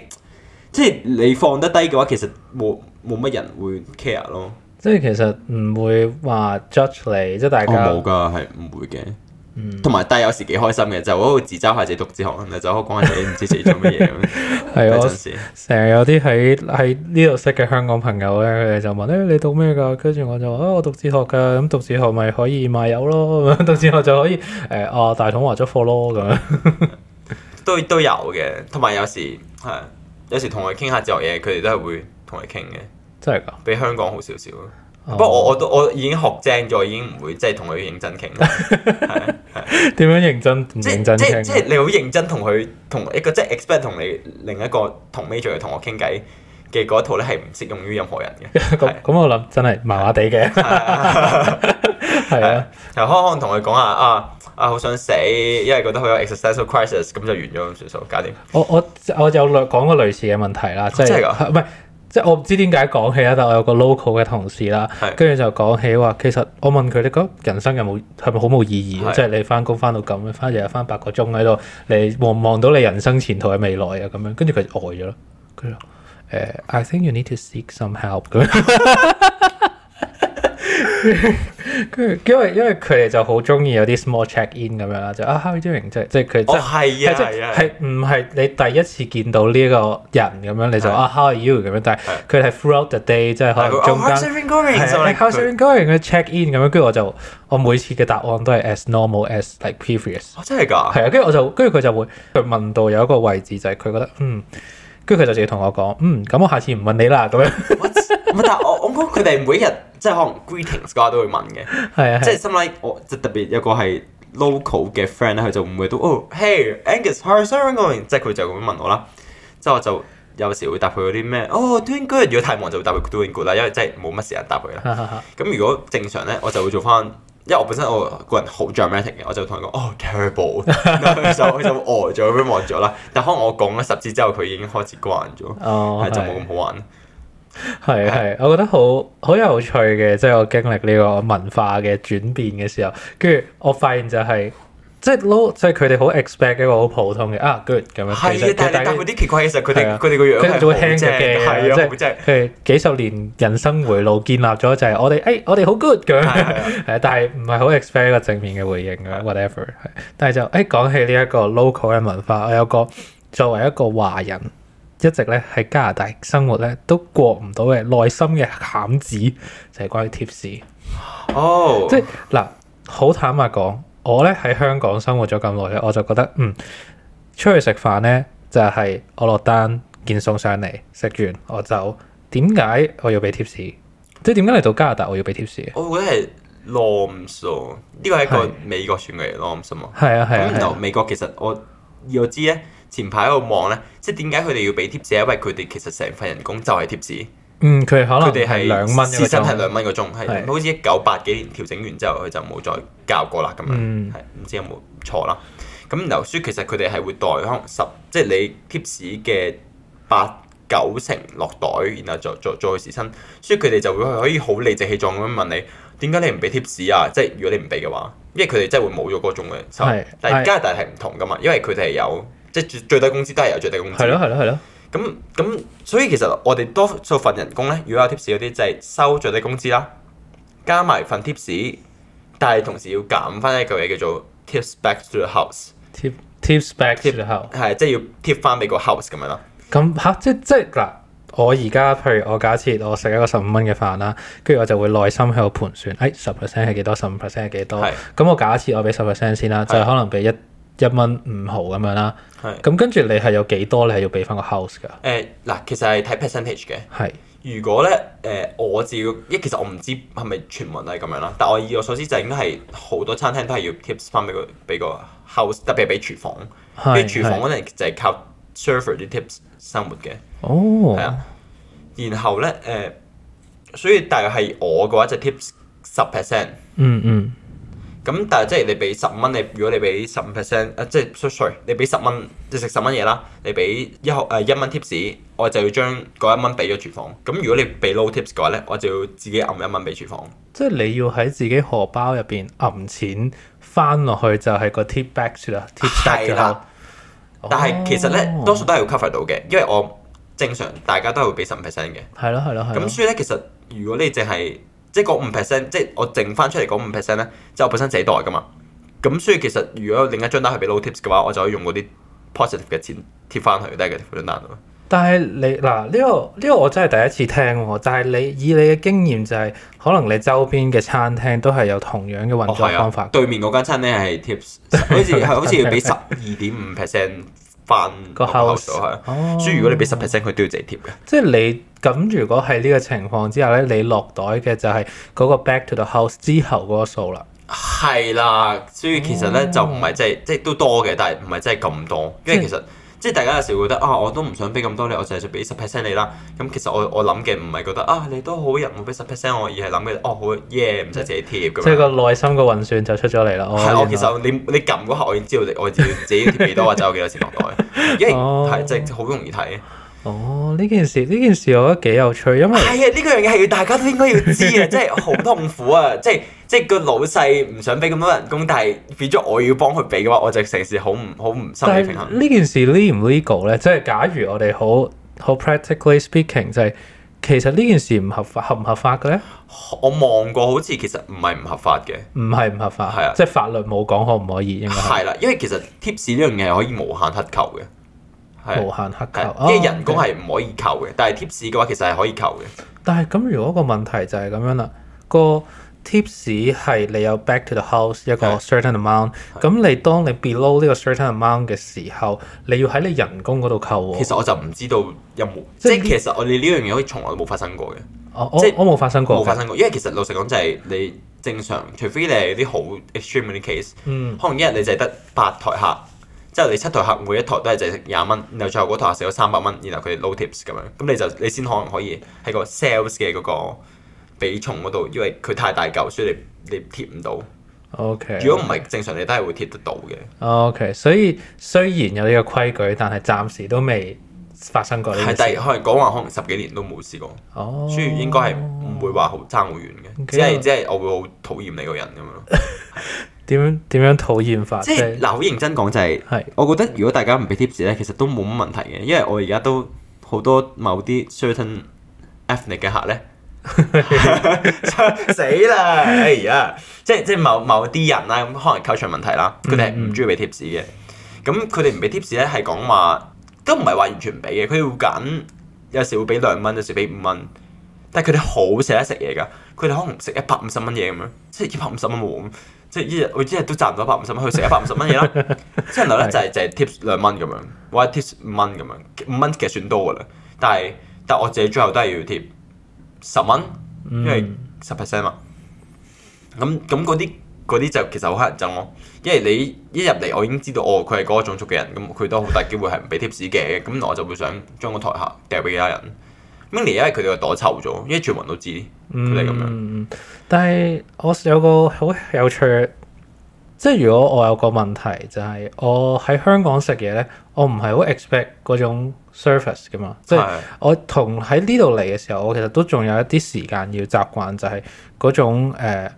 即係你放得低嘅話，其實冇冇乜人會 care 咯。即係其實唔會話 judge 你，即係大家冇㗎、哦，係唔會嘅。同埋、嗯、但係有時幾開心嘅，就我會自嘲下自己讀哲學，就可講下自己唔知自己做乜嘢咁樣。係 <laughs> 是我成日有啲喺喺呢度識嘅香港朋友咧，佢哋就問：誒、欸，你讀咩噶？跟住我就話：啊，我讀哲學噶，咁、嗯、讀哲學咪可以賣油咯，咁樣讀哲學就可以誒、呃，啊，大統華咗貨咯，咁樣 <laughs> 都都有嘅。同埋有時係、啊，有時同佢傾下哲學嘢，佢哋都係會同佢傾嘅。真係噶，比香港好少少咯。不過我我都我已經學精咗，已經唔會即係同佢認真傾啦。點 <laughs> 樣認真，認真即？即係即係你好認真同佢同一個即係、就是、expect 同你另一個同 major 嚟同我傾偈嘅嗰一套咧，係唔適用於任何人嘅。咁 <laughs> 那的我諗真係麻麻地嘅。係、嗯、啊，就康康同佢講下啊啊好想死，因為覺得好有 existential crisis，咁就完咗咁算數，搞掂。我我我就講過類似嘅問題啦，即係係。哦 <laughs> 即係我唔知點解講起啦，但我有個 local 嘅同事啦，跟住是就講起話，其實我問佢你覺得人生有冇係咪好冇意義是即係你翻工翻到咁，翻一日翻八個鐘喺度，你望唔望到你人生前途喺未來啊咁樣？跟住佢呆咗咯。佢話：誒、eh，I think you need to seek some help 咁樣。 <laughs> 因為因為佢哋就好中意有啲 small check in 咁樣啦，就啊，how are you doing 即係即係佢，哦，係啊係啊，係唔係你第一次見到呢一個人咁樣，你就啊、yeah. how are you 咁樣，但係佢係 throughout the day，即係、yeah. 可能中間、oh,，how is it going、啊 so like, 啊、check in 咁樣，跟住我就我每次嘅答案都係 as normal as like previous，我、oh, 真係噶，係啊，跟住我就跟住佢就會佢問到有一個位置就係、是、佢覺得嗯，跟住佢就直接同我講嗯，咁我下次唔問你啦咁樣。唔係， <laughs> 但我我覺得佢哋每日即係可能 greetings，佢哋都會問嘅、oh, hey, so，即係 similar 我即特別有個係 local 嘅 friend 咧，佢就唔會都哦，Hey，Angus，how are you going 即係佢就咁樣問我啦。之後我就有時會答佢嗰啲咩，哦、oh,，doing good。如果太忙就會答佢 doing good 啦，因為真係冇乜時間答佢啦。咁 <laughs> 如果正常咧，我就會做翻，因為我本身我個人好 dramatic 嘅，我就同佢講哦、oh,，terrible。 <laughs> 就佢就呆咗咁樣望咗啦。但可能我講咗十次之後，佢已經開始慣咗， <laughs> <laughs> <laughs> 就冇咁好玩。係係，我覺得好好有趣嘅，即係我經歷呢個文化嘅轉變嘅時候，跟住我發現就係，即係即係佢哋好 expect 一個好普通嘅啊 good 咁樣。係啊，但係但係啲奇怪嘅，其實佢哋佢哋個樣係好嘅，係即係，即係幾十年人生回路建立咗，就係我哋誒，我哋好 good 咁樣。 <laughs> 但係唔係好 expect 一個正面嘅回應啊。Whatever，但係就誒講起呢一個 local 嘅文化，我有個作為一個華人。一直咧喺加拿大生活咧，都過唔到嘅內心嘅坎子就係、是、關於 tips。哦、oh,，即係嗱，好坦白講，我咧喺香港生活咗咁耐咧，我就覺得嗯，出去食飯咧就係、是、我落單，見送上嚟，食完我就點解我要俾 tips？即係點解嚟到加拿大我要俾 tips？我覺得係 norms 呢個係一個美國傳嚟嘅 norms 係啊係啊。啊啊然後然後美國其實我要知咧。前排喺度望咧，即係點解佢哋要俾貼士？因為佢哋其實成份人工就係貼士。嗯，佢可能佢哋係兩蚊個鐘，時薪係兩蚊個鐘，係好似一九八幾年調整完之後，佢就冇再教過啦咁樣。係唔知有冇錯啦？咁留書其實佢哋係會代康十，即係你貼士嘅八九成落袋，然後再再再去時薪，所以佢哋就會可以好理直氣壯咁樣問你：點解你唔俾貼士啊？即係如果你唔俾嘅話，因為佢哋真係會冇咗嗰種嘅。係，但係加拿大係唔同噶嘛，因為佢哋係有。即係最低工資都係有最低工資。係咯係咯係咯。咁 <noise> 咁， <noise> <noise> 所以其實我哋多數份人工咧，如果有貼士嗰啲，就係收最低工資啦，加埋份貼士，但係同時要減翻一樣嘢叫做 tips back to the house。tips back to the house。係、 <noise> 啊，即係要貼翻俾個 house 咁樣咯。咁嚇，即係即係嗱，我而家譬如我假設我食一個十五蚊嘅飯啦，跟住我就會內心喺度盤算，誒十 percent 係幾多，十五 percent 係幾多。咁 <noise> 是我假設我俾十 percent 先啦，就係、是、可能俾一。 <noise> 一蚊五毫咁樣啦，係咁，跟住你係有幾多？你係要俾翻個 house 噶？誒，嗱，其實係睇 percentage 嘅。係是如果咧，誒、呃，我只要一，其實我唔知係咪全部都係咁樣啦。但我以我所知就係應該係好多餐廳都係要 tips 翻俾個俾個 house，特別係俾廚房。係是。廚房嗰啲是就係靠 server 啲 tips 生活嘅。哦。係啊。然後咧，誒、呃，所以大約係我嘅話就是、tips 十 percent、嗯。嗯嗯。咁但係即係你俾十五蚊，你如果你俾十五 percent，啊即係收稅，你俾十蚊，你食十蚊嘢啦，你俾一毫誒一蚊貼士，我就要將嗰一蚊俾咗廚房。咁如果你俾 low tips 嘅話咧，我就要自己揞一蚊俾廚房。即係你要喺自己荷包入邊揞錢翻落去，就係個 tip back 啦，tip back 嘅啦。但係其實咧，多數都係要 cover 到嘅，因為我正常大家都係會俾十五 percent 嘅。係咯係咯係。咁所以咧，其實如果你淨係即係個五 percent，即係我剩翻出嚟嗰五 percent 咧，即係我本身自己袋噶嘛。咁所以其實如果另一張單去俾 low、no、tips 嘅話，我就可以用嗰啲 positive 嘅錢貼翻去第二，就是這個 food order。但係你嗱，呢個呢個我真係第一次聽喎，哦。但係你以你嘅經驗就係、是，可能你周邊嘅餐廳都係有同樣嘅運作方法。哦對啊。對面嗰間餐廳係 tips，好似像 <laughs> 好似要俾十二點五 percent。 <laughs> 翻個 house，哦、所以如果你俾十 percent，佢都要自貼嘅。即係你咁，如果係呢個情況之下咧，你落袋嘅就係嗰個 back to the house 之後嗰個數啦。係啦，所以其實咧、哦、就唔係、即係、即係即係都多嘅，但係唔係真係咁多，因為其實。就是即係大家有時會覺得啊，我都唔想俾咁多你，我淨係想俾十 percent 你啦。咁其實我我諗嘅唔係覺得啊，你都好人，唔俾十 percent 我，我而係諗嘅哦，好嘢唔使自己貼咁樣。即係個內心嘅運算就出咗嚟啦。係啊，其實你你撳嗰下，我已經知道我自自己貼幾多或者我幾多錢落袋，因為係即係好容易睇。哦，呢件事，呢件事我覺得幾有趣，因為係啊，呢個樣嘢係要大家都應該要知啊，即係好痛苦啊，即係即係個老細唔想俾咁多人工，但係變咗我要幫佢俾嘅話，我就成時好唔好唔心理平衡。呢件事 legal 唔 legal 咧？即係假如我哋好好 practically speaking，就係其實呢件事唔合法合唔合法嘅咧？我望過好似其實唔係唔合法嘅，唔係唔合法係啊？即係法律冇講可唔可以？因為係啦、啊，因為其實 tips 呢樣嘢係可以無限乞求嘅。無限扣，即係的、哦、人工係唔可以扣嘅，嗯、但係 tips 嘅話其實係可以扣嘅。但係咁如果個問題就係咁樣啦，個 tips 係你有 back to the house 一個 certain amount，咁的你當你 below 呢個 certain amount 嘅時候，你要喺你人工嗰度扣喎。其實我就唔知道有冇，即係其實我哋呢樣嘢好似從來冇發生過嘅。哦、啊，即係是我冇發生過，冇發生過。因為其實老實講就係你正常，除非你係啲好 extreme 啲 case，可能一日你就係得八台客。即係你七台客，每一台都係淨係廿蚊，然後最後嗰台客食咗三百蚊，然後佢攞 tips 咁樣，咁你就你先可能可以喺個 sales 嘅嗰個比重嗰度，因為佢太大嚿，所以你你貼唔到。OK。如果唔係正常，okay. 你都係會貼得到嘅。OK，所以雖然有呢個規矩，但係暫時都未發生過呢次。係是，可能講話可能十幾年都冇試過。哦、oh。雖然應該係唔會話好差好遠嘅，即係即係我會好討厭你個人咁樣。 <laughs> 點樣點樣討厭法？即係嗱，好認真講就係，我覺得如果大家唔俾 tips 咧，其實都冇乜問題嘅，因為我而家都好多某啲 certain ethnic 嘅客咧， <laughs> <laughs> 死啦！哎、yeah, 呀， <laughs> 即即某某啲人啦，咁可能構長問題啦，佢哋係唔中意俾 tips 嘅。咁佢哋唔俾 tips 咧，係 <noise> 講話都唔係話完全唔俾嘅，佢會揀有時會俾兩蚊，有時俾五蚊，但係佢哋好捨得食嘢噶，佢哋可能食一百五十蚊嘢咁樣，即係一百五十蚊冇。即係一日，佢一日都賺唔到一百五十蚊，佢食一百五十蚊嘢啦，之後咧就係、是、就係、是、tips 兩蚊咁樣，或者 tips 五蚊咁樣，五蚊其實算多噶啦。但係但我自己最後都係要貼十蚊，因為十 percent 嘛。咁咁嗰啲嗰啲就其實好乞人憎咯，因為你一入嚟我已經知道哦，佢係嗰一種族嘅人，咁佢都好大機會係唔俾 tips 嘅， <laughs> 咁我就會想將個台下掉俾其他人。mini 因為佢哋個袋臭咗，因為全民都知佢哋咁樣。嗯、但係我有個好有趣，即係如果我有個問題，就係、是、我喺香港食嘢咧，我唔係好 expect 嗰種 service 噶嘛。的即係我同喺呢度嚟嘅時候，我其實都仲有一啲時間要習慣，就係、是、嗰種、呃、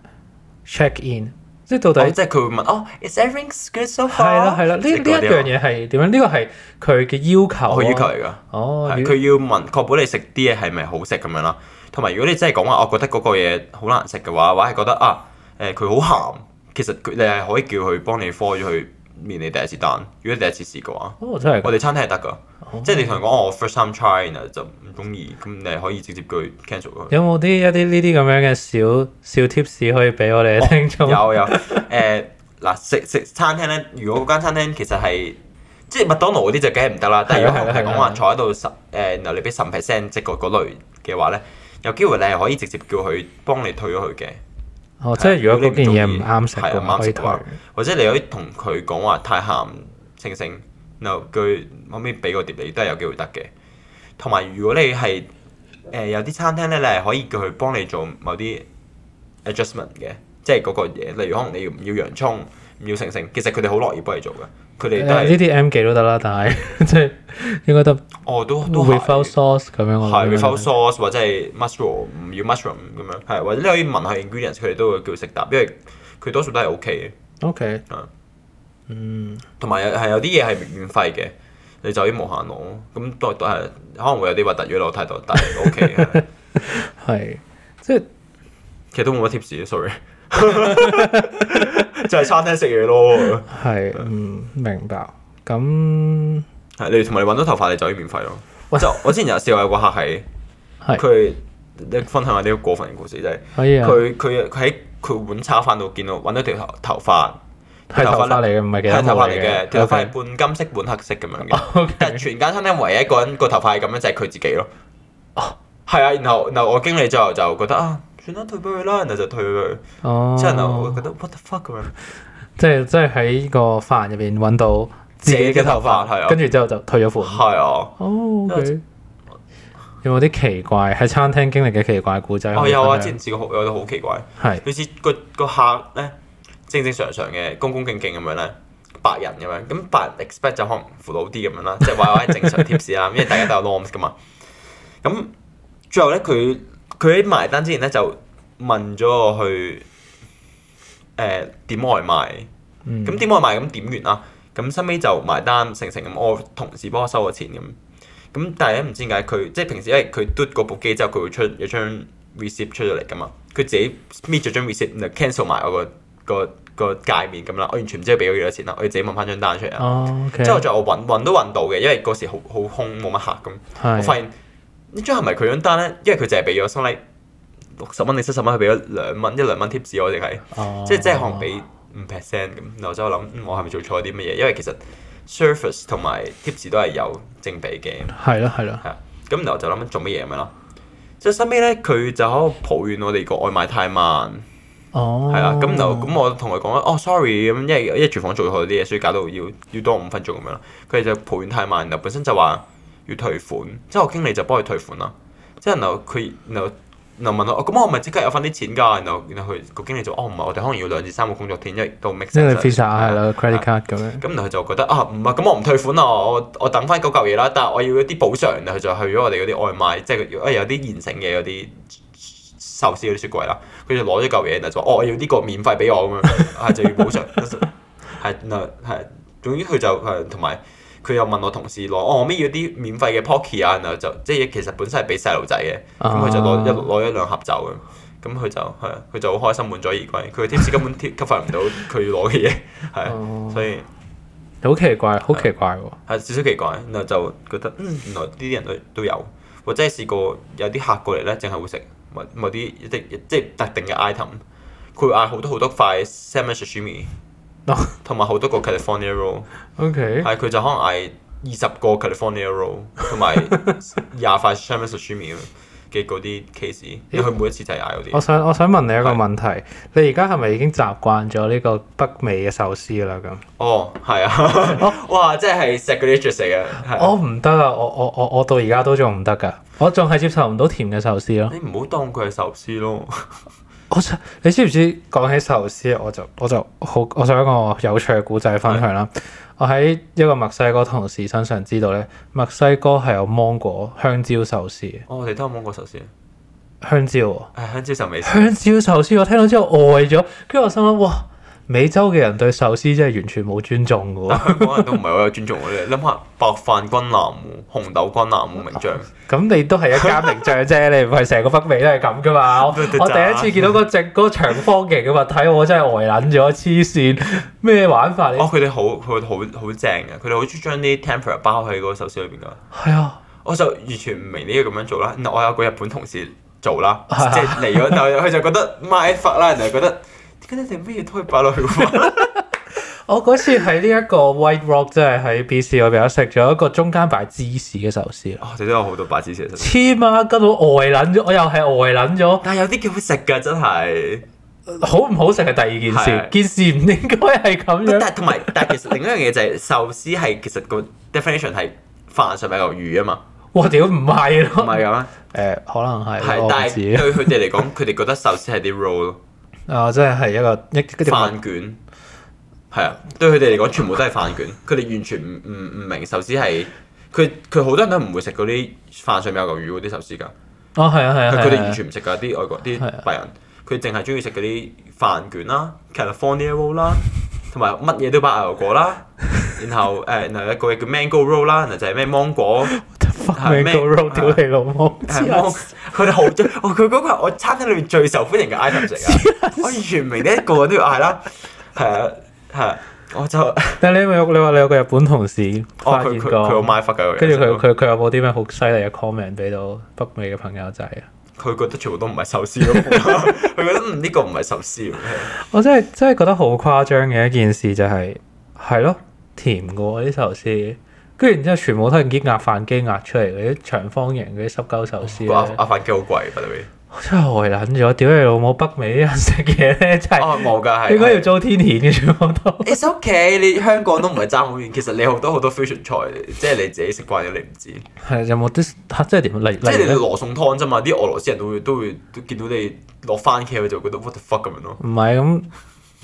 check in。即到底，oh, 即係佢會問哦、oh，Is everything good so far？係啦係啦，呢呢這這一樣嘢係點樣？呢個係佢嘅要求、啊，佢、哦、要求嚟㗎。哦，係佢的要，要問，確保你食啲嘢係咪好食咁樣啦。同埋如果你真係講話，我覺得嗰個嘢好難食嘅話，或者覺得啊，誒佢好鹹，其實你係可以叫佢幫你 call 咗去。面你第一次單，如果第一次試嘅話，哦、真我真係，我哋餐廳係得㗎，即係你同人講我 first time try，然後就唔中意，咁你可以直接叫佢 cancel 嘅。有冇啲一啲呢啲咁樣嘅小小 tips 可以俾我哋嘅聽眾有有，誒嗱食食餐廳咧，如果間餐廳其實係即係麥當勞啲就梗係唔得啦，但係如果係講話坐喺度十誒嗱你俾十 percent 即係嗰類嘅話咧，有機會你係可以直接叫佢幫你退咗佢嘅。哦，對即係是如果嗰件嘢唔啱食嘅，對可以話，或者你可以同佢講話太鹹，清清，然後佢後尾俾個碟你，都係有機會得嘅。同埋如果你係誒、呃、有啲餐廳咧，你係可以叫佢幫你做某啲 adjustment 嘅，即係嗰個嘢，例如可能你要唔要洋葱，唔、嗯、要清清，其實佢哋好樂意幫你做嘅。佢哋都係呢啲 M 記都得啦，但係即係應該得。哦，都都係。With flour sauce 咁樣，我係 with flour sauce 或者係 mushroom，要 mushroom 咁樣，係或者你可以問下 ingredients 佢哋都會叫食答，因為佢多數都係 OK 嘅。OK 是。嗯。同埋有係有啲嘢係免費嘅，你就啲無限攞，咁都都係可能會有啲核突嘅攞太多，但係 OK 嘅。 <laughs> 係。是即係其實都冇乜 tips，sorry。Sorry. 就係餐廳食嘢咯。係嗯明白，咁係你同埋你搵到頭髮你就可以免費咯。就我之前有試過有個客係，佢分享下啲過分嘅故事，就係佢佢喺佢碗炒飯度見到搵到條頭頭髮，係頭髮嚟嘅，唔係幾多嘅頭髮嚟嘅。頭髮係半金色半黑色咁樣嘅，但係全間餐廳唯一一個人個頭髮係咁樣，就係佢自己咯。哦，係啊，然後然後我經理之後就覺得啊。算啦，轉退俾佢啦，然後就退佢。真啊，我覺得 what the fuck 咁樣。即係即係喺個飯入邊揾到自己嘅頭髮，係啊，跟住之後就退咗款。係啊的，哦。Oh, okay. 有冇啲奇怪喺餐廳經歷嘅奇怪古仔？我、哦、有啊，件事好有啲好奇怪。係是，好似個個客咧正正常常嘅恭恭敬敬咁樣咧，白人咁樣。咁白人 expect 就可能服到啲咁樣啦，即係話話係正常貼士啦，因為大家都有 norm 嘅嘛。咁最後咧，佢。佢喺埋單之前咧就問咗我去誒、呃、點外賣，咁、嗯、點外賣咁點完啦，咁收尾就埋單，成成咁我同事幫我收咗錢咁。咁但係咧唔知點解佢即係平時因為佢嘟嗰部機之後佢會出有張 receipt 出咗嚟㗎嘛，佢自己搣咗張 receipt 就 cancel 埋我、個個個界面咁啦，我完全唔知佢俾咗幾多錢啦，我要自己問翻張單出嚟。哦 okay. 之後再我揾揾都揾到嘅，因為嗰時好好空冇乜客咁，的我發現。呢張係咪佢樣單咧？因為佢淨係俾咗收尾六十蚊定七十蚊，佢俾咗兩蚊，一兩蚊 tips 我定係，哦、即即可能俾五 percent 咁。然後之後我諗，我係咪做錯啲乜嘢？因為其實 service 同埋 tips 都係有正比嘅。係咯，係咯。係啊，咁然後就諗做乜嘢咁樣咯？即收尾咧，佢就喺度抱怨我哋個外賣太慢。哦。係啊，咁就咁我同佢講哦，sorry 咁，因為因為廚房做錯啲嘢，所以搞到要要多五分鐘咁樣咯。佢哋就抱怨太慢，然後本身就話。要退款，即係我經理就幫佢退款啦。即係嗱，佢嗱嗱問我，咁我咪即刻有翻啲錢噶？然後然後佢個經理就，哦，唔係，我哋可能要兩至三個工作天，一到 make。係 credit card 咁樣。咁佢就覺得，啊唔係，咁我唔退款啦，我我等翻嗰嚿嘢啦，但係我要一啲補償。然後佢就去咗我哋嗰啲外賣，即係有啲現成嘅，有啲壽司嗰啲雪櫃啦。佢就攞咗嚿嘢，就話哦我要呢個免費俾我咁樣，係就要補償。係係，總之佢就同埋。佢又問我同事攞，哦，我咪要啲免費嘅 Pocky 啊，然後就即係其實本身係俾細路仔嘅，咁佢就攞一攞一兩盒走嘅，咁佢就係，佢就好開心滿載而歸。佢嘅 tips 根本 cover 唔到佢要攞嘅嘢，係，所以好奇怪，好奇怪喎，少少奇怪。然後就覺得，原來呢啲人都都有。我真係試過有啲客過嚟咧，淨係會食某某啲一啲即係特定嘅 item，佢嗌好多好多塊 s 同埋好多個 California roll，o Okay .係佢就可能嗌二十個 California roll 同埋廿塊 chambers <laughs> sushi 嘅嗰啲 case，因為佢每一次就係嗌嗰啲。我想我想問你一個問題，是你而家係咪已經習慣咗呢個北美嘅壽司啦？咁哦，係啊， <laughs> 哦、哇，即係 sacrilegious 嚟嘅。我唔得啊，哦、我我我我到而家都仲唔得㗎，我仲係接受唔到甜嘅壽司咯。你唔好當佢係壽司咯。我你知唔知講起壽司，我就我就好，我想一個有趣嘅古仔分享啦。的我喺一個墨西哥同事身上知道咧，墨西哥係有芒果香蕉壽司。哦，我哋都有芒果壽司香蕉、哦哎，香蕉，係香蕉壽司，香蕉壽司，我聽到之後呆咗，跟住我心諗哇。美洲嘅人對壽司真係完全冇尊重嘅喎，香港人都唔係好有尊重嘅。你諗下，白飯軍艦、紅豆軍艦冇, <laughs> 名將，咁 <laughs> 你都係一間名將啫，你唔係成個北美都係咁嘅嘛？我,嗯嗯、我第一次見到嗰直嗰長方形嘅物睇我真係呆撚咗，黐線咩玩法？哦，佢哋、啊、好，佢好好,好正嘅、啊，佢哋好中意將啲 temper 包喺嗰壽司裏邊嘅。係 <laughs> <laughs> 啊，我就完全唔明呢個咁樣做啦。我有個日本同事做啦，即係嚟咗之佢就覺得 my fuck 啦，人哋就覺得。跟住啲咩嘢都可以擺落去。 <laughs> <laughs> 我嗰次喺呢一個 White Rock，即係喺 B C 嗰邊，我俾我食咗一個中間擺芝士嘅壽司。哦，真真有好多擺芝士壽司。嘅？黐孖筋到呆撚咗，我又係呆撚咗。但係有啲叫好食㗎，真係、嗯。好唔好食係第二件事。的件事唔應該係咁，但係同埋，但係其實另一樣嘢就係、是、壽司係其實個 definition 係飯上面個魚啊嘛。我屌唔係啊？唔係㗎咩？誒，可能係。係、呃，是但係對佢哋嚟講，佢哋 <laughs> 覺得壽司係啲 roll 咯。啊、哦！即係係一個一啲飯卷，係啊麼，對佢哋嚟講，全部都係飯卷，佢哋完全唔唔唔明壽司係，佢佢好多人都唔會食嗰啲飯上面有條魚嗰啲壽司噶。哦，係啊，係啊，佢哋完全唔食噶，啲外國啲白人，佢淨係中意食嗰啲飯卷啦，California roll 啦。同埋乜嘢都包牛油果啦， <laughs> 然後誒，嗱有一個叫 Mango Roll 啦，嗱就係咩芒果，Mango Roll 屌你老母，佢哋好中， <laughs> 哦佢嗰個係我餐廳裏面最受歡迎嘅 item 嚟嘅，我完全明，一個都要嗌啦，係啊係，我就，但你有你話你有個日本同事，哦佢佢佢有買法㗎，跟住佢佢佢有冇啲咩好犀利嘅 comment 俾到北美嘅朋友仔啊？佢覺得全部都唔係壽司咯，佢 <laughs> <laughs> 覺得呢、嗯呢個唔係壽司。 <laughs> 我真係真係覺得好誇張嘅一件事就係、是，係咯，甜過啲壽司，跟住然之後全部都係啲壓飯機壓出嚟嗰啲長方形嗰啲濕鳩壽司。個壓壓飯機好貴，咪、呃。呃呃呃呃呃呃呃真係呆撚咗，屌你老母！北美啲人食嘢咧，真係冇㗎，係應該要遭天譴嘅，最多。It's o、okay, k a 你香港都唔係爭好遠。其實你好多好多 fusion 菜，即係你自己食慣咗，你唔知。係有冇啲即係點？即係你羅宋湯啫嘛，啲俄羅斯人都會都會都見到你落番茄，佢就會覺得 what the fuck 咁樣咯。唔係咁。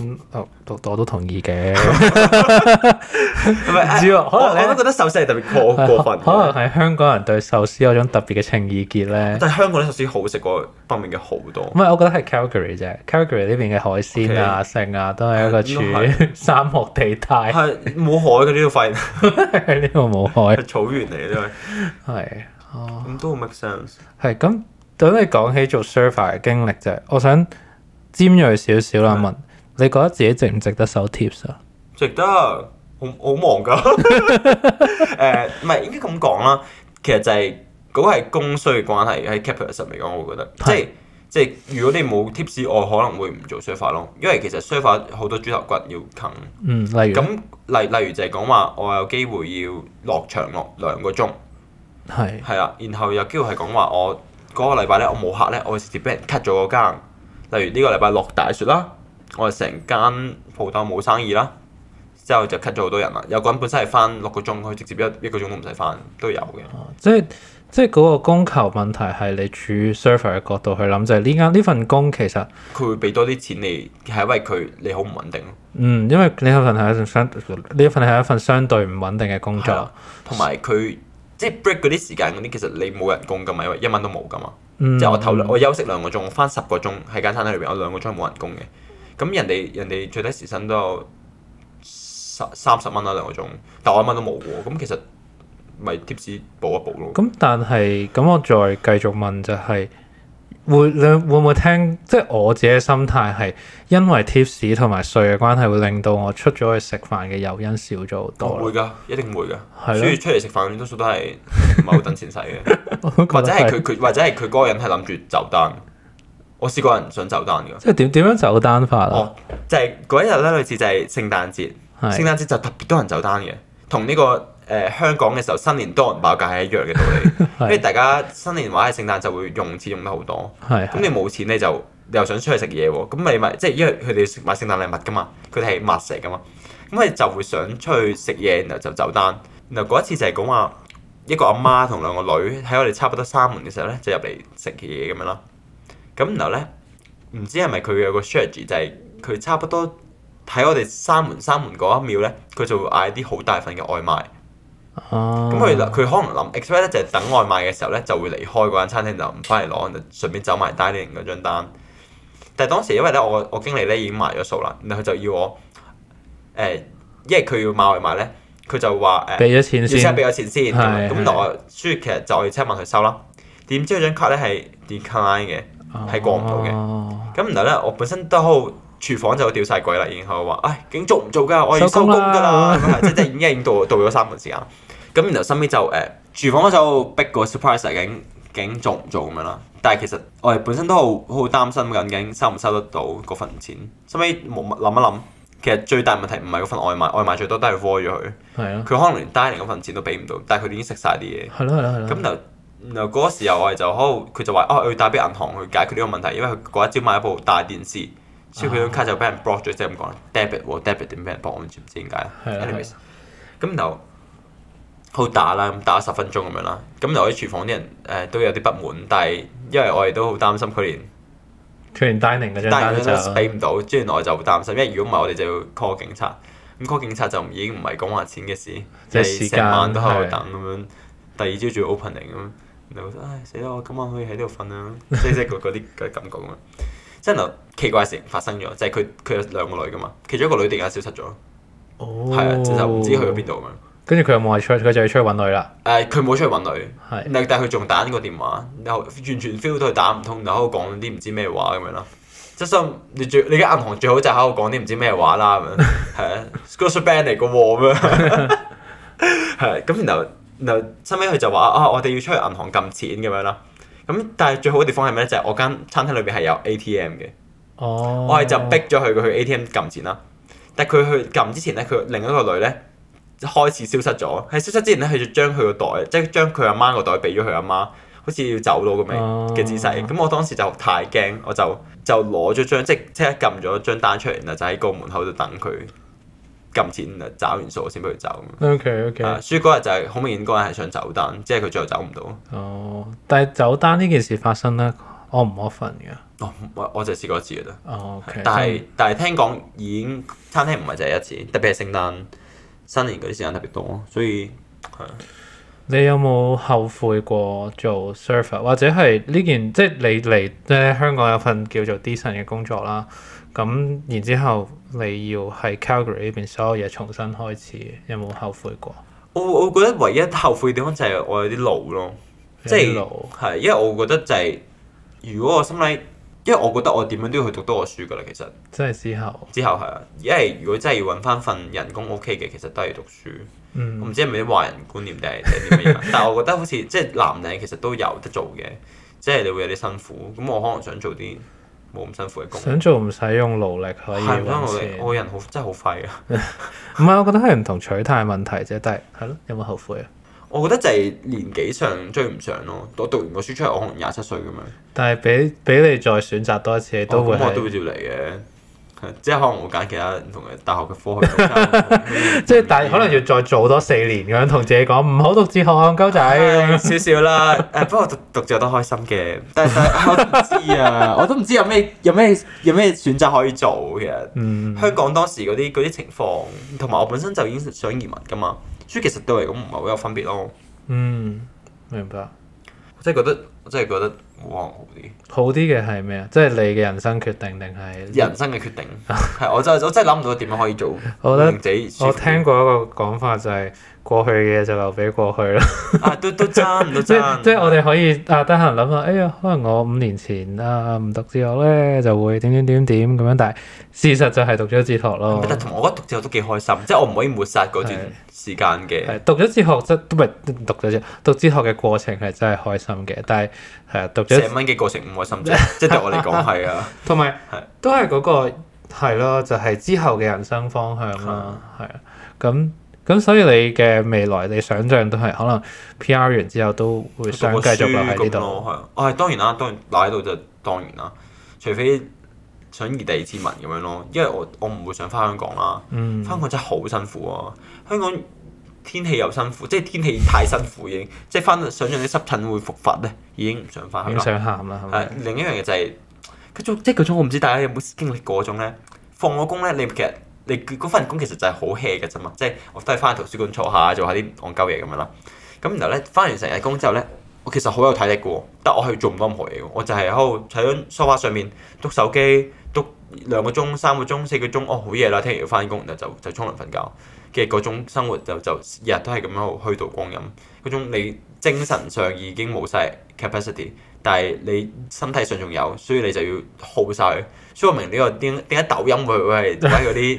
嗯，我我都同意嘅，唔 <laughs> 知喎。可能 <music> 我，我都覺得壽司係特別過過分，可能係香港人對壽司有種特別嘅情意結咧。但係香港啲壽司好食過北面嘅好多。唔係，我覺得係 Calgary 啫，Calgary 呢邊嘅海鮮啊、性 Okay, 啊，都係一個處沙 <laughs> 漠地帶，係冇海嘅呢度發現，呢度冇海，係 <laughs> 草原嚟嘅呢位，係哦 <laughs> 是，咁都 make sense。係咁，等你講起做 server 嘅經歷啫，我想尖銳少少啦問。你覺得自己值唔值得收 tips 得啊？值得，好好忙噶。誒、 <laughs> 呃，唔係應該咁講啦。其實就係、是、嗰、那個係供需嘅關係，喺 capital 嚟面講，我覺得是即係即係，如果你冇 tips，我可能會唔做 server 囉，因為其實 server 好多豬頭骨要啃、嗯。例如咁，例例如就係講話，我有機會要落場落兩個鐘，係係是啊。然後有機會係講話，我、那、嗰個禮拜咧，我冇客咧，我會直接俾人 cut 咗個更。例如呢個禮拜落大雪啦。我哋成間鋪頭冇生意啦，之後就 cut 咗好多人啦。有個人本身係翻六個鐘，佢直接一一個鐘都唔使翻都有嘅、啊。即係即係嗰個供求問題係你處 server 嘅角度去諗，就係呢間呢份工其實佢會俾多啲錢你，係因為佢你好唔穩定。嗯，因為呢一份係一份相呢一份係一份相對唔穩定嘅工作，同埋佢即係 break 嗰啲時間嗰啲，其實你冇人工噶嘛，因為一蚊都冇噶嘛。即係、嗯、我頭我休息兩個鐘，我翻十個鐘喺間餐廳裏邊，我兩個鐘冇人工嘅。咁人哋人哋最低時薪都有十三十蚊啦，兩個鐘，但我一蚊都冇喎。咁其實咪 t i p 補一補咯。咁但係，咁我再繼續問就係、是、會你會唔會聽？即係我自己嘅心態係因為 t 士同埋稅嘅關係，會令到我出咗去食飯嘅誘因少咗好多啦。我會㗎，一定會㗎。所以是的 出嚟食飯，多數都係唔係好等錢使嘅，或者係佢佢，或者係佢嗰個人係諗住就。單。我試過人想走單嘅，即係點點樣走單法啊？哦，oh, 就係嗰一日咧，類似就係聖誕節，是聖誕節就特別多人走單嘅，同呢、呢個誒、呃、香港嘅時候新年多人爆價係一樣嘅道理， <laughs> 是因為大家新年或者聖誕就會用錢用得好多，咁是你冇錢咧就，就又想出去食嘢喎，咁你咪即係因為佢哋買聖誕禮物㗎嘛，佢哋係抹食㗎嘛，咁佢就會想出去食嘢，然後就走單，然後嗰一次就係講話一個阿媽同兩個女喺我哋差唔多三門嘅時候咧，就入嚟食嘢咁樣咯。咁然後咧，唔知係咪佢有個 strategy 就係、是、佢差不多喺我哋閂門閂門嗰一秒咧，佢就會嗌啲好大份嘅外賣。哦、啊。咁佢佢可能諗 expect 就係等外賣嘅時候咧，就會離開嗰間餐廳就唔翻嚟攞，就順便走埋 dine in 嗰張單。但係當時因為咧，我我經理咧已經埋咗數啦，然後佢就要我誒、欸，因為佢要買外賣咧，佢就話誒，俾咗錢先，而且俾咗錢先，咁但係我輸其實就我請問佢收啦。點知嗰張卡 a 咧係 decline 嘅。係過唔到嘅，咁然後咧，我本身都好，廚房就掉晒鬼啦，然後話，唉，竟做唔做㗎？我要收工㗎啦！即係已經到到咗三分時間，咁然後後尾就誒廚房就逼個 surprise，究竟做唔做咁樣啦？但係其實我哋本身都好好擔心緊，究竟收唔收得到嗰份錢？後尾冇乜，諗一諗，其實最大問題唔係嗰份外賣，外賣最多都係 fire 咗佢，佢可能連 deadline 嗰份錢都俾唔到，但係佢哋已經食晒啲嘢。係咯係咯咁就。然後嗰時候我哋就好，佢就話哦，佢要帶俾銀行去解決呢個問題，因為佢嗰一朝買一部大電視，所以佢張卡就俾人 block 咗，即係咁講。debit 喎，debit 點俾人 block？唔知唔知點解？Anyways，咁就好打啦，咁打十分鐘咁樣啦。咁又喺廚房啲人誒都有啲不滿，但係因為我哋都好擔心佢連佢連 dining 嗰張卡就俾唔到，之後我就好擔心，因為如果唔係我哋就要 call 警察，咁 call 警察就已經唔係講話錢嘅事，即係成晚都喺度等咁樣，第二朝仲要 opening 咁。你覺得唉死啦！我今晚可以喺呢度瞓啊。即係嗰啲嗰感覺咁啊！即係。然後奇怪事情發生咗，就係佢佢有兩個女噶嘛，其中一個女突然間消失咗，係、哦、啊，就唔、是、知去咗邊度咁樣。跟住佢又冇係出佢就係出去揾女啦？誒、哎，佢冇出去揾女是，但係佢仲打呢個電話，然後完全 feel 到佢打唔通，然後喺度講啲唔知咩話咁樣咯。真、就、心、是、你最你間銀行最好就喺度講啲唔知咩話啦咁樣，係啊 scripture band 嚟嘅咁啊，係咁然後。嗱，收尾佢就話啊我哋要出去銀行撳錢咁樣啦。咁但係最好嘅地方係咩咧？就係、是、我間餐廳裏邊係有 ATM 嘅。Oh. 我係就逼咗佢去 ATM 撳錢啦。但係佢去撳之前咧，佢另一個女咧開始消失咗。喺消失之前咧，佢就將佢個袋，即係將佢阿媽個袋俾咗佢阿媽，好似要走佬咁樣嘅姿勢。咁、oh. 我當時就太驚，我就就攞咗張，即即刻撳咗張單出嚟然後，就喺個門口度等佢。撳錢啊！找完數我先俾佢走。OK，OK。所以嗰日就係好明顯嗰人係想走單，即係佢最後走唔到。哦，但係走單呢件事發生咧，我唔 off 㗎？我我我就試過一次啦。哦，okay, 但係是以但係聽講已經餐廳唔係淨係一次，特別係聖誕、新年嗰啲時間特別多，所以係。你有冇後悔過做 server 或者係呢件即係你嚟即香港有份叫做 Dison 嘅工作啦？咁然之後你要喺 Calgary 呢邊所有嘢重新開始，有冇後悔過？我我覺得唯一後悔嘅地方就係我有啲老咯，即係老，係因為我覺得就係、是、如果我心理，因為我覺得我點樣都要去讀多個書㗎喇，其實真係之後之後係啊，因為如果真係要搵返份人工 OK 嘅，其實都係讀書。嗯、我唔知係咪啲華人觀念定係定係點樣 <laughs> 但係我覺得好似即係男人其實都有得做嘅，即、就、係、是、你會有啲辛苦。咁我可能想做啲。冇咁辛苦嘅工，想做唔使用勞力可以。係，我我人好真係好廢啊，唔係， <laughs> 我覺得係唔同取態問題啫。但係係咯，有冇後悔啊？我覺得就係年紀上追唔上咯。我讀完個書出嚟，我可能廿七歲咁樣。但係畀畀你再選擇多一次，都會、哦、我都會照嚟嘅。即係可能我揀其他唔同嘅大學嘅科去讀， <laughs> 即係但係可能要再做多四年咁樣，同自己講唔好讀哲學戇鳩仔， <laughs> 少少啦。誒，不過讀讀住都開心嘅，但係、啊、我唔知啊，我都唔知有咩有咩有咩選擇可以做嘅。香港當時嗰啲嗰啲情況，同埋我本身就已經想移民噶嘛，所以其實對嚟講唔係好有分別咯。嗯，明白。即係覺得，即係覺得。好啲！嘅係咩啊？即係你嘅人生決定，定係人生嘅決定？係， <laughs> 我就我真係諗唔到點樣可以做。我覺呢得，我聽過一個講法就係、是。過去嘅就留俾過去啦。啊，都都差唔多，都差唔多。即係即係，我哋可以啊，得閒諗下，哎呀，可能我五年前啊唔讀哲學咧，就會點點點點咁樣。但係事實就係讀咗哲學咯。同我覺得讀哲學都幾開心，即係我唔可以抹殺嗰段時間嘅。讀咗哲學真都唔係讀咗啫，讀哲學嘅過程係真係開心嘅。但係係啊，讀咗寫文嘅過程唔開心啫，即係對我嚟講係啊。同埋都係嗰個係咯，就係之後嘅人生方向啦。係啊，咁。咁所以你嘅未來，你想象都係可能 PR 完之後都會想繼續留喺度。係、嗯，我當然啦，當然留喺度就當然啦，除非想異地之民咁樣咯。因為我我唔會想翻香港啦，翻香港真係好辛苦啊。香港天氣又辛苦，即係天氣太辛苦已經，即係翻到想象啲濕疹會復發咧，已經唔想翻香港、嗯。想喊啦，係是、嗯、另一樣嘢、嗯、就係、是，嗰種即係嗰種，那個、我唔知大家有冇經歷過嗰種咧。放咗工咧，你其實。你嗰份工其實就係好 hea 嘅啫嘛，即係我都係翻去圖書館坐下，做下啲戇鳩嘢咁樣啦。咁然後咧，翻完成日工之後咧，我其實好有體力嘅喎，得我去做唔到任何嘢嘅，我就係喺度坐喺梳化上面篤手機篤兩個鐘、三個鐘、四個鐘，哦好夜啦，聽日要翻工，然後就就沖涼瞓覺嘅嗰種生活就就日日都係咁樣喺度虛度光陰，嗰種你精神上已經冇晒 capacity。但係你身體上仲有，所以你就要耗曬。所以我明、這、呢個點點解抖音會會係嗰啲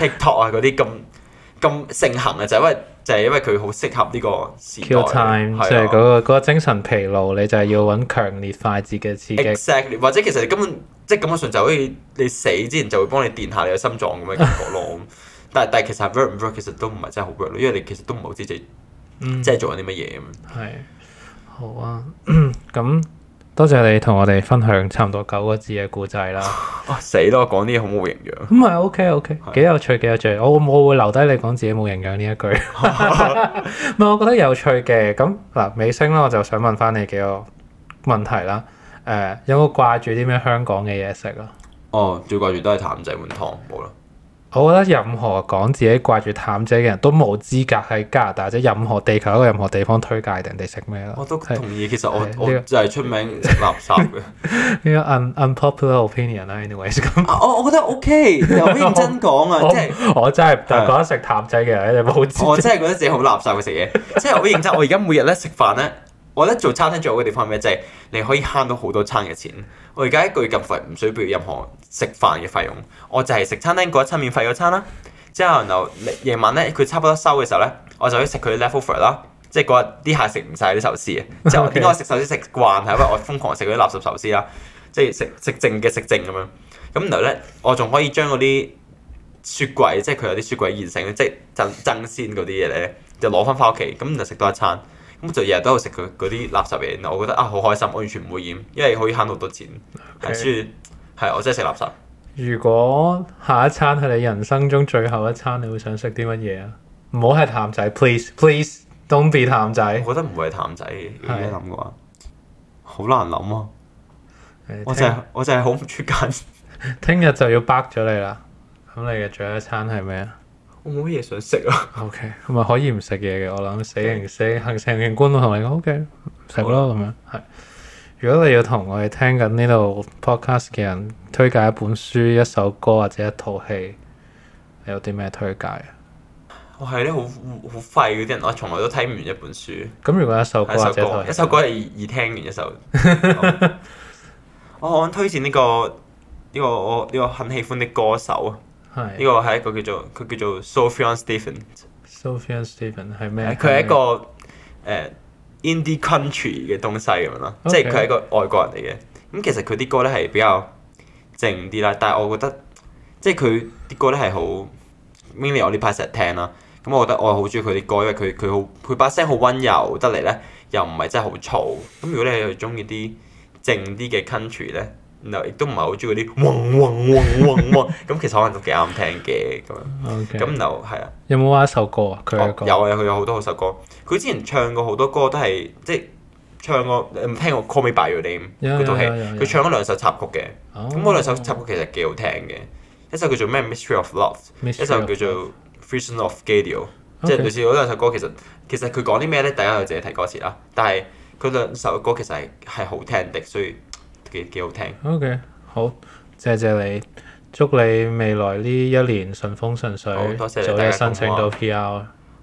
TikTok 啊嗰啲咁咁盛行啊，行就係、是、因為就係、是、因為佢好適合呢個時代，即係嗰個精神疲勞，你就係要搵強烈快捷嘅刺激。Exactly，或者其實你根本即係感覺上就好、是、似你死之前就會幫你電下你個心臟咁嘅感覺咯。 <laughs> 但係但係其實 work 唔 work 其實都唔係真係好 work 咯，因為你其實都唔好知自己即係做緊啲乜嘢。係是。好啊，咁多謝你同我哋分享差唔多九個字嘅故仔啦。死啦，講啲好冇營養。唔係 <laughs> OK OK，幾有趣幾有趣。是我我會留低你講自己冇營養呢一句。唔 <laughs> 係、 <laughs> <laughs> <laughs> 嗯，我覺得有趣嘅。咁嗱，尾聲啦，我就想問翻你幾個問題啦。誒，有冇掛住啲咩香港嘅嘢食啊？哦，最掛住都係淡仔碗湯，冇啦。我覺得任何講自己掛住淡仔嘅人都冇資格喺加拿大或者任何地球一個任何地方推介定人哋食咩啦。我都同意，其實我，這個 我，我就係出名食垃圾嘅。呢 <laughs> 個 un unpopular opinion 啦，anyways <laughs> 咁 <laughs> 我我覺得 OK，好認真講啊，即係我真係但係覺得食淡仔嘅人係冇。我真係覺得自己好垃圾嘅食嘢，即係我好認真。我而家每日咧食飯咧。我覺得做餐廳最好嘅地方係咩？就係、是、你可以慳到好多餐嘅錢。我而家一個月咁貴，唔需要任何食飯嘅費用。我就係食餐廳嗰一餐免費嗰餐啦。之後然後夜晚咧，佢差唔多收嘅時候咧，我就去食佢 leftover 啦。即係嗰日啲客食唔晒啲壽司啊。之後點解我食壽司食慣係因為我瘋狂食嗰啲垃圾壽司啦。即係食食剩嘅食剩咁樣。咁然後咧，我仲可以將嗰啲雪櫃，即係佢有啲雪櫃現成即係爭爭鮮嗰啲嘢咧，就攞翻翻屋企，咁就食多一餐。咁、嗯、就日日都去食佢嗰啲垃圾嘢，我覺得啊好開心，我完全唔會厭，因為可以慳好多錢。跟住係我真係食垃圾。如果下一餐係你人生中最後一餐，你會想食啲乜嘢啊？唔好係譚仔，please please don't be 譚仔。我覺得唔會係譚仔嘅，而家諗嘅好難諗啊天我、就是！我就係我就係好唔出緊。聽日就要爆咗你啦。咁你嘅最後一餐係咩啊？我冇咩嘢想食啊。O K，咁咪可以唔食嘢嘅，我諗死刑死行刑官都同你講，O K，食囉咁樣。係，如果你要同我哋聽緊呢度 podcast 嘅人推介一本書、一首歌或者一套戲，你有啲咩推介啊？係咧、哦，好好廢啲人，我從來都睇唔完一本書。咁如果一首歌或者一套，一首歌係易聽完一首。 <laughs> oh, 我可唔可以推薦呢、這個呢、這個我呢、這個這個很喜歡的歌手啊？呢個係一個叫做佢叫做 Sophia Stephen, Stephen。Sophia Stephen 係咩？佢係一個誒、uh, indie country 嘅東西咁樣咯，Okay. 即係佢係一個外國人嚟嘅。咁、嗯、其實佢啲歌咧係比較靜啲啦，但係我覺得即係佢啲歌咧係好，mini 我呢排成日聽啦。咁、嗯、我覺得我好中意佢啲歌，因為佢佢好佢把聲好溫柔得嚟咧，又唔係真係好嘈。咁、嗯、如果你係去中意啲靜啲嘅 country 咧？亦都唔係好中意嗰啲嗡嗡嗡嗡嗡，咁、 <laughs> 嗯、其實可能都幾啱聽嘅咁咁嗱，Okay. 係啊，有冇玩一首歌啊、哦？有，有佢有好多首歌。佢之前唱過好多歌都係即係唱過，唔聽過 Call Me By Your Name 嗰套 Yeah, 戲，佢、yeah, yeah, yeah, yeah, yeah, 唱咗兩首插曲嘅。咁嗰兩首插曲其實幾好聽嘅。Yeah, yeah, yeah, yeah, yeah. 一首叫做咩 Mystery of Love，Mystery 一首叫做 Fusion of Gadio 即係類似嗰兩首歌。其實其實佢講啲咩咧，大家就自己睇歌詞啦。但係佢兩首歌其實係係好聽的，所以。幾好聽。OK，好，謝謝你，祝你未來呢一年順風順水，早日申請到 PR。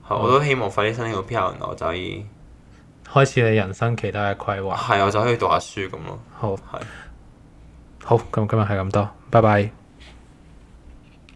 我都希望快啲申請到 PR，我就可以開始你人生其他嘅規劃。係，我就可以讀下書咁咯。好係，好，是好，咁今今日係咁多，拜拜。